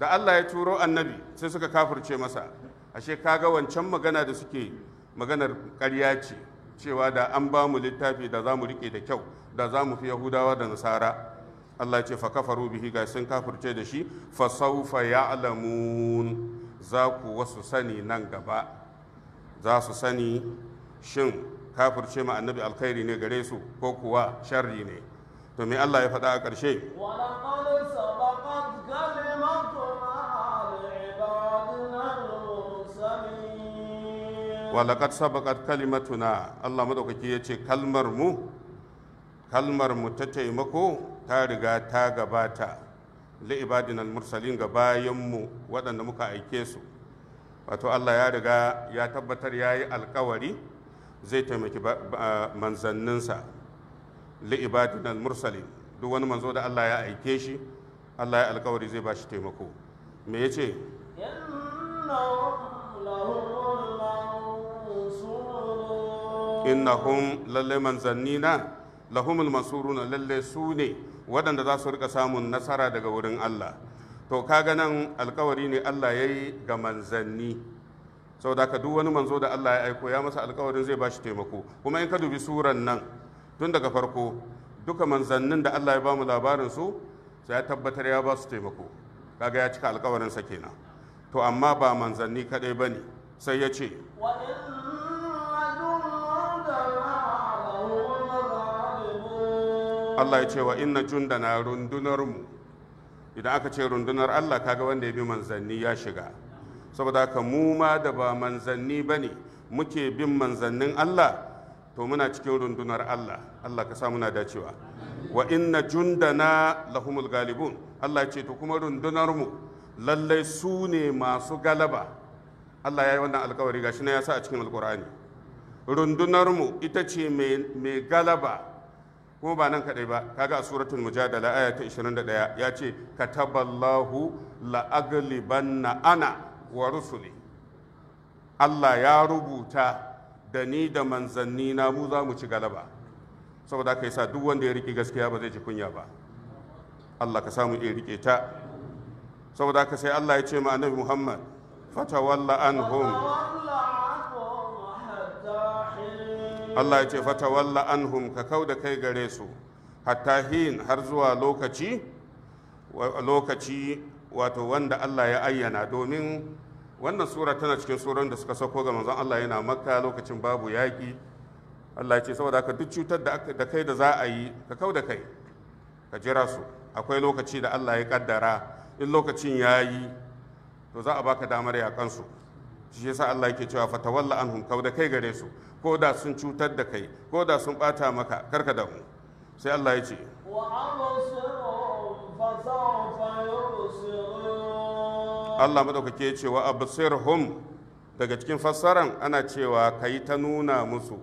da Allah ya turo annabi sai suka kafirce masa ashe kaga wancan magana da suke maganar ƙarya ce cewa da an ba mu littafi da za mu rike da kyau da za mu fi yahudawa da nasara Allah ya ce fa kafaru bihi ga sun kafirce da shi fa sawfa ya'lamun za ku wasu sani nan gaba za su sani shin kafirce ma annabi alkhairi ne gare su ko kuwa sharri ne to me Allah ya faɗa a ƙarshe walaƙat sabaƙat kalimatuna Allah maɗaukaki ya ce kalmar mu kalmar mu ta taimako ta riga ta gabata li'ibadin al-mursalin ga bayanmu waɗanda muka aike su wato Allah ya riga ya tabbatar ya yi alkawari zai taimaki manzanninsa li'ibadin al-mursalin duk wani manzo da Allah ya aike shi Allah ya alkawari zai ba shi taimako me ya ce innahum lalle manzannina lahumul mansuruna lalle su ne waɗanda za su rika samun nasara daga wurin Allah to kaga nan alkawari ne Allah ya yi ga manzanni da ka duk wani manzo da Allah ya aiko ya masa alkawarin zai ba shi taimako kuma in ka dubi suran nan tun daga farko duka manzannin da Allah ya ba mu labarin su sai ya tabbatar ya ba su taimako kaga ya cika alkawarin sa kenan to amma ba manzanni kadai bane sai ya ce wa in Allah ya ce wa inna jundana rundunarmu idan aka ce rundunar Allah kaga wanda ya bi manzanni ya shiga saboda haka mu ma da ba manzanni bane muke bin manzannin Allah to muna cikin rundunar Allah Allah ka sa muna dacewa wa inna jundana lahumul galibun Allah ya ce to kuma rundunar mu lallai su ne masu galaba Allah ya yi wannan alkawari gashi na ya sa a cikin alkur'ani rundunar mu ita ce mai galaba ko ba nan kadai ba ga a suratul mujadala aya ta 21 ya ce kataballahu la'aglibanna ana wa rusuli Allah ya rubuta da ni da manzanni na mu za mu ci galaba saboda haka yasa duk wanda ya rike gaskiya ba zai ji kunya ba Allah ka samu iya rike ta saboda haka sai Allah ya ce ma annabi Muhammad fatawalla anhum Allah ya ce walla anhum ka kau da kai gare su hatta hin har zuwa lokaci lokaci wato wanda Allah ya ayyana domin wannan sura tana cikin suran da suka sako ga manzon Allah yana makka lokacin babu yaƙi Allah ya ce saboda haka duk cutar da kai da za a yi ka kau da kai ka jira su akwai lokaci da Allah ya kaddara in lokacin ya yi to za a baka damar yaƙansu shi yasa Allah yake cewa fatawalla anhum kau da kai gare su ko da sun cutar da kai ko da sun bata maka karka damu sai Allah ya ce Allah madaukake ya ce wa absirhum daga cikin fassaran ana cewa kai ta nuna musu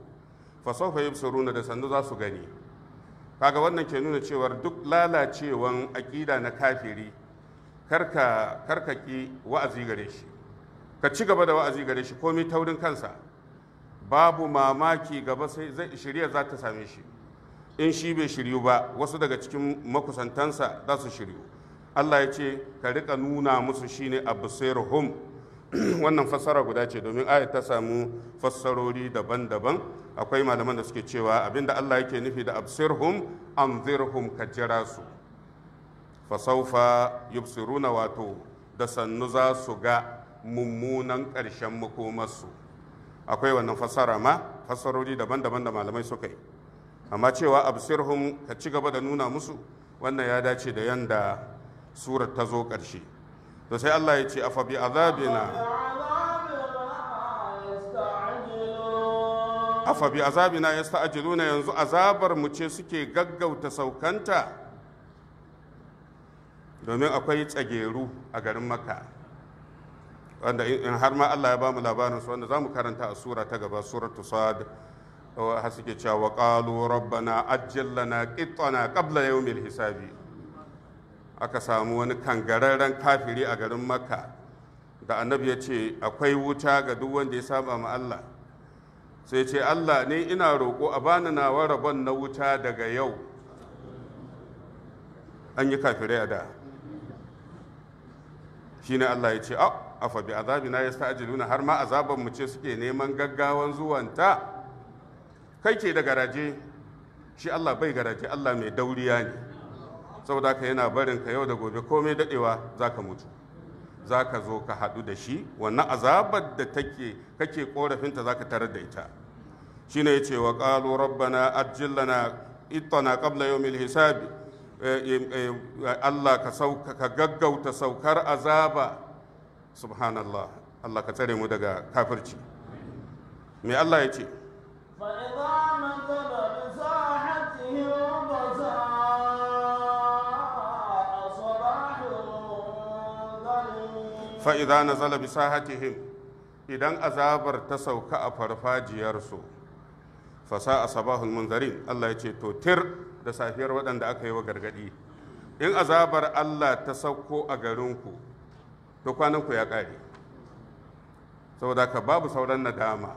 fa sawfa yubsiruna da sannu za su gani kaga wannan ke nuna cewar duk lalacewan aƙida na kafiri karka karkaki wa'azi gare shi ka ci gaba da wa'azi gare shi komai taurin kansa babu mamaki gaba sai shirya za ta same shi in shi bai shiryu ba wasu daga cikin makusantansa za su shiryu allah ya ce ka rika nuna musu shine abusirhum wannan fassara guda ce domin ayat ta samu fassarori daban-daban akwai malaman da suke cewa abinda allah yake nufi da absirhum anzirhum ka jira su fasaufa yubsiruna wato da sannu za su ga mummunan ƙarshen makomarsu akwai wannan fassara ma fassarori daban-daban da malamai suka yi amma cewa absirhum ka ci gaba da nuna musu wannan ya dace da yanda surar ta zo ƙarshe to sai Allah ya ce afa bi azabina afa bi azabina yasta'jiluna yanzu azabar mu ce suke gaggauta saukanta domin akwai tsageru a garin makka wanda in har ma Allah ya bamu labarin su wanda za mu karanta a sura ta gaba suratu sad ha suke cewa qalu rabbana ajjil lana qitana qabla yawmil hisabi aka samu wani kangararren kafiri a garin makka da annabi ya ce akwai wuta ga duk wanda ya saba ma Allah sai ce Allah ne ina roƙo a bani nawa rabon na wuta daga yau an yi kafirai a da shi ne Allah ya ce a. Ah, afa bi azabina yasta'jiluna har ma azaban mu ce suke neman gaggawan zuwanta kai ke da garaje shi Allah bai garaje Allah mai dauriya ne saboda ka yana barin ka yau da gobe komai dadewa zaka mutu zaka zo ka hadu da shi wannan azabar da take kake korafin ta zaka tarar da ita shine yace wa qalu rabbana ajil lana ittana qabla yawmil hisabi eh, eh, eh, Allah ka gaggauta saukar azaba subhanallah Allah ka tsare mu daga kafirci me Allah ya ce فإذا مثل بساحتهم فساء صباح فإذا نزل idan azabar ta sauka a farfajiyarsu fasa a sabahul munzarin Allah ya ce to tir da safiyar waɗanda aka yi wa gargaɗi in azabar Allah ta sauko a garinku to kwananku ku ya ƙare saboda ka babu sauran nadama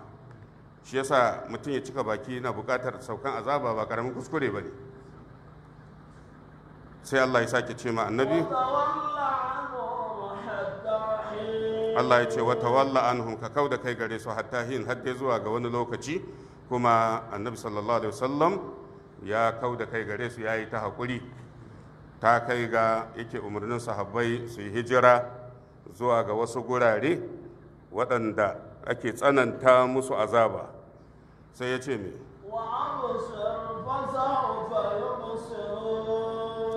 shi yasa mutum ya cika baki na buƙatar saukan azaba ba ƙaramin kuskure ba ne sai Allah ya sake ce ma annabi Allah ya ce wa tawalla anhum ka kauda kai gare su hatta hin hadde zuwa ga wani lokaci kuma annabi sallallahu alaihi wasallam ya kauda kai gare su yayi ta hakuri ta kai ga yake umarnin sahabbai su yi hijira zuwa ga wasu gurare waɗanda ake tsananta musu azaba sai ya ce me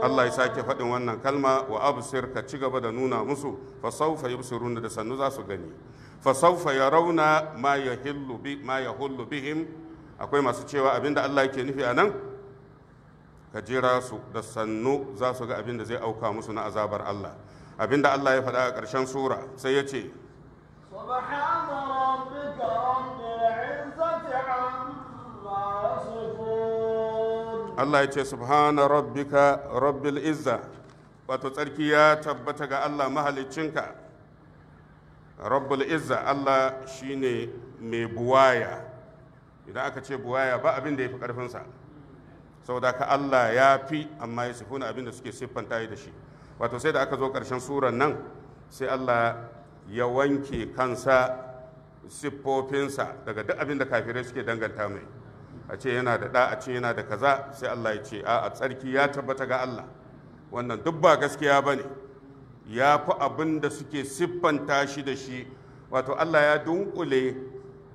Allah ya sake faɗin wannan kalma wa absir ka ci gaba da nuna musu fa saufa yubsiruna da sannu za su gani fa saufa yarawna ma yahillu bi bihim akwai masu cewa abinda Allah yake nufi a nan ka jira su da sannu za su ga abinda zai auka musu na azabar Allah abinda Allah ya faɗa a ƙarshen sura sai ya ce Allah ya ce subhana rabbika rabbil izza wato tsarki ya tabbata ga Allah mahalicinka. rabbul izza Allah shine mai buwaya idan aka ce buwaya ba abin da ya fi ƙarfinsa da ka Allah ya fi amma ya sifuna abin da suke siffanta da shi wato sai da aka zo ƙarshen suran nan sai Allah ya wanke kansa siffofinsa daga duk abin da kafirai suke danganta mai a ce yana da ɗa a ce yana da kaza sai Allah ya ce a tsarki ya tabbata ga Allah wannan duk ba gaskiya ba ne ya fi abin da suke siffanta shi da shi wato Allah ya dunkule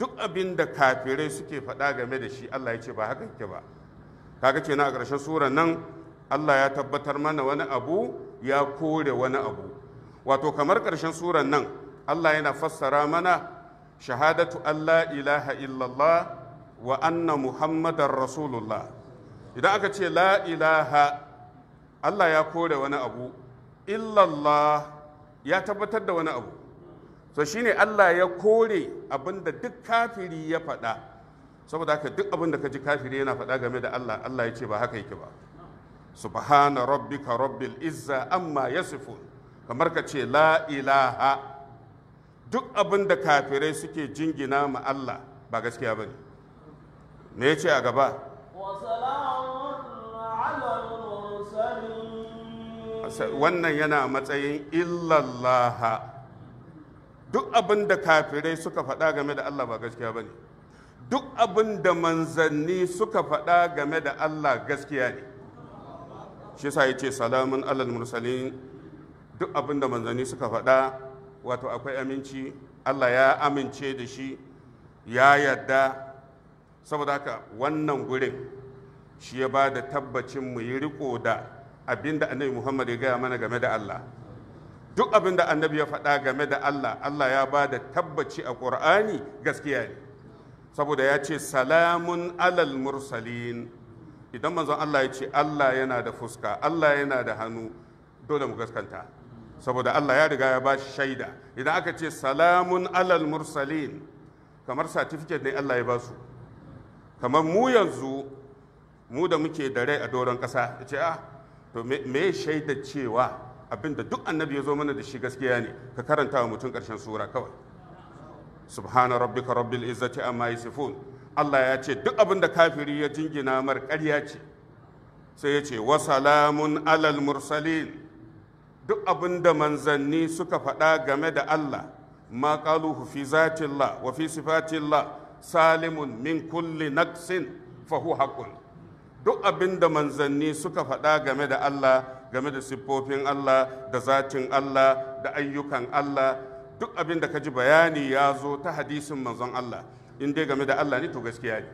duk abin da kafirai suke faɗa game da shi Allah ya ce ba haka ke ba kaga na a ƙarshen suran nan Allah ya tabbatar mana wani abu ya kore wani abu wato kamar ƙarshen suran nan Allah yana fassara mana shahadatu Allah ilaha illallah wa anna muhammadar rasulullah idan aka ce la ilaha Allah ya kore wani abu illallah ya tabbatar da wani abu so shine Allah ya kore abinda duk kafiri ya faɗa saboda haka duk abin da ka ji kafiri yana faɗa game da Allah Allah ya ce ba haka yake ba subhana rabbika rabbil izza amma yasifun kamar ka ce la ilaha duk abin da kafirai suke jingina ma Allah ba gaskiya ba ne me ya ce a gaba wannan yana matsayin illallaha duk abin da kafirai suka faɗa game da Allah ba gaskiya ba ne duk abin da manzanni suka faɗa game da Allah gaskiya ne shi yasa ce salamun alal mursalin duk abin da manzanni suka faɗa wato akwai aminci Allah ya amince da shi ya yarda saboda haka wannan gurin shi ya ba da tabbacin mu yi riko da abin da annabi Muhammad ya gaya mana game da Allah duk abin da annabi ya faɗa game da Allah Allah ya ba da tabbaci a ƙur'ani gaskiya ne saboda ya ce salamun alal mursalin idan manzon Allah ya ce Allah yana da fuska Allah yana da hannu dole mu gaskanta saboda Allah ya riga ya ba shi shaida idan aka ce salamun alal mursalin kamar certificate ne Allah ya ba su kamar mu yanzu mu da muke da rai a doron ƙasa ya ce ah to me shaida cewa abinda duk annabi ya zo mana da shi gaskiya ne ka karanta wa mutum karshen sura kawai subhana rabbika rabbil izzati amma yasifun Allah ya ce duk abin da kafiri ya jingina mar ƙarya ce sai ya ce wa salamun alal mursalin duk abin da manzanni suka faɗa game da Allah ma qaluhu fi zatillah wa fi sifatillah salimun min kulli naqsin fa huwa duk abin da manzanni suka faɗa game da Allah game da siffofin Allah da zatin Allah da ayyukan Allah duk abin da ka ji bayani ya zo ta hadisin manzon Allah in dai game da Allah ne to gaskiya ne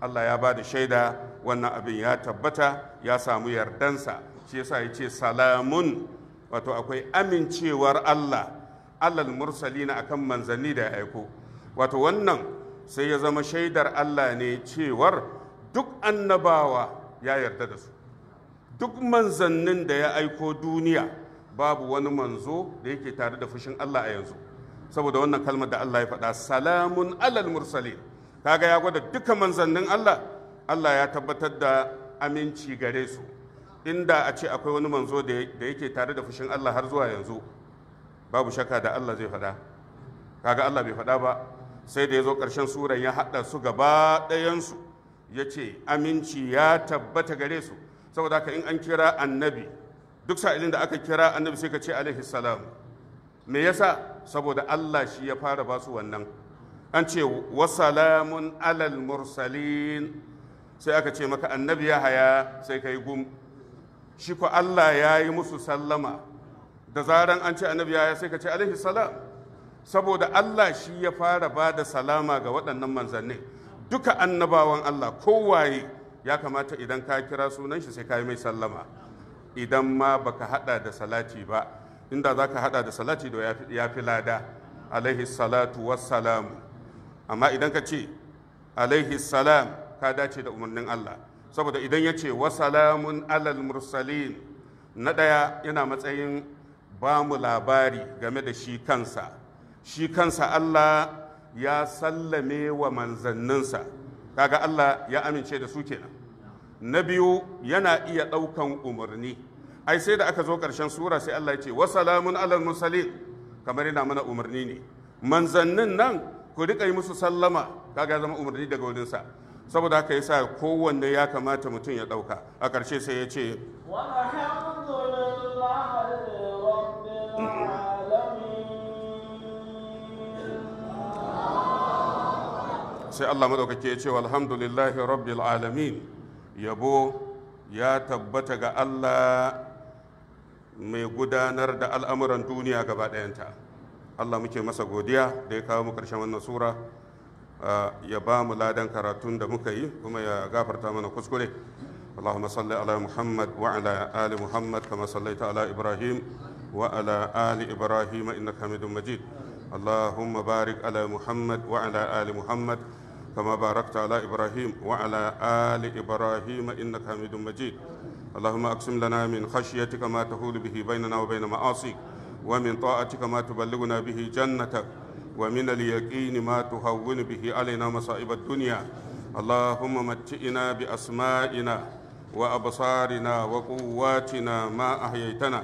Allah ya ba da shaida wannan abin ya tabbata ya samu yardansa shi yasa ya ce salamun wato akwai amincewar Allah alal mursalina akan manzanni da aiko wato wannan sai ya zama shaidar Allah ne cewar duk annabawa ya yarda da su duk manzannin da ya aiko duniya babu wani manzo da yake tare da fushin Allah a yanzu saboda wannan kalmar da Allah ya faɗa salamun alal mursali kaga ya gwada duka manzannin Allah Allah ya tabbatar da aminci gare su inda a ce akwai wani manzo da yake tare da fushin Allah har zuwa yanzu babu shakka da Allah zai faɗa kaga Allah bai faɗa ba sai da ya zo ƙarshen suran ya haɗa su gaba ɗayansu ya ce aminci ya tabbata gare su saboda haka in an kira annabi duk sa'ilin da aka kira annabi sai ka ce alaihi salam me yasa saboda Allah shi ya fara ba su wannan an ce wasalamun alal mursalin sai aka ce maka annabi ya haya sai ka yi gum shi ko Allah ya yi musu sallama da zaran an ce annabi ya haya sai ka ce alaihi salam saboda Allah shi ya fara ba da salama ga waɗannan manzanni duka annabawan Allah kowaye ya kamata idan ka kira sunan shi sai ka yi mai sallama idan ma baka hada da salati ba inda za ka hada da salati da ya fi lada alaihi salatu wassalamu amma idan ka ce alaihi salam ka dace da umarnin Allah saboda idan ya ce wasalamun alal mursalin na ɗaya yana matsayin ba mu labari game da shi kansa shi kansa Allah ya sallame wa manzanninsa kaga Allah ya amince da su kenan na biyu yana iya ɗaukan umarni ai sai da aka zo ƙarshen sura sai Allah ya ce wasalamun alal musali kamar yana mana umarni ne manzannin nan ku riƙa yi musu sallama kaga zama umarni daga sa saboda haka yasa kowanne ya kamata mutum ya ɗauka a ƙarshe sai ya ce sai Allah madaukake ya ce alhamdulillahi rabbil alamin yabo ya tabbata ga Allah mai gudanar da al'amuran duniya gaba ɗayanta allah muke masa godiya da ya kawo mu ƙarshen wannan sura ya ba mu ladan karatun da muka yi kuma ya gafarta mana kuskure اللهم صل على محمد وعلى آل محمد كما صليت على إبراهيم وعلى آل إبراهيم إنك حميد مجيد اللهم بارك على محمد وعلى آل محمد كما باركت على إبراهيم وعلى آل إبراهيم إنك حميد مجيد اللهم أقسم لنا من خشيتك ما تحول به بيننا وبين معاصيك ومن طاعتك ما تبلغنا به جنتك ومن اليقين ما تهون به علينا مصائب الدنيا اللهم متئنا بأسمائنا وأبصارنا وقواتنا ما أحييتنا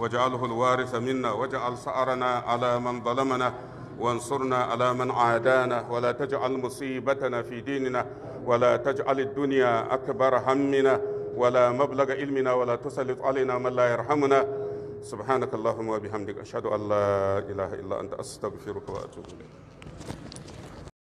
واجعله الوارث منا واجعل سعرنا على من ظلمنا وانصرنا على من عادانا ولا تجعل مصيبتنا في ديننا ولا تجعل الدنيا أكبر همنا ولا مبلغ علمنا ولا تسلط علينا من لا يرحمنا سبحانك اللهم وبحمدك أشهد أن لا إله إلا أنت أستغفرك وأتوب إليك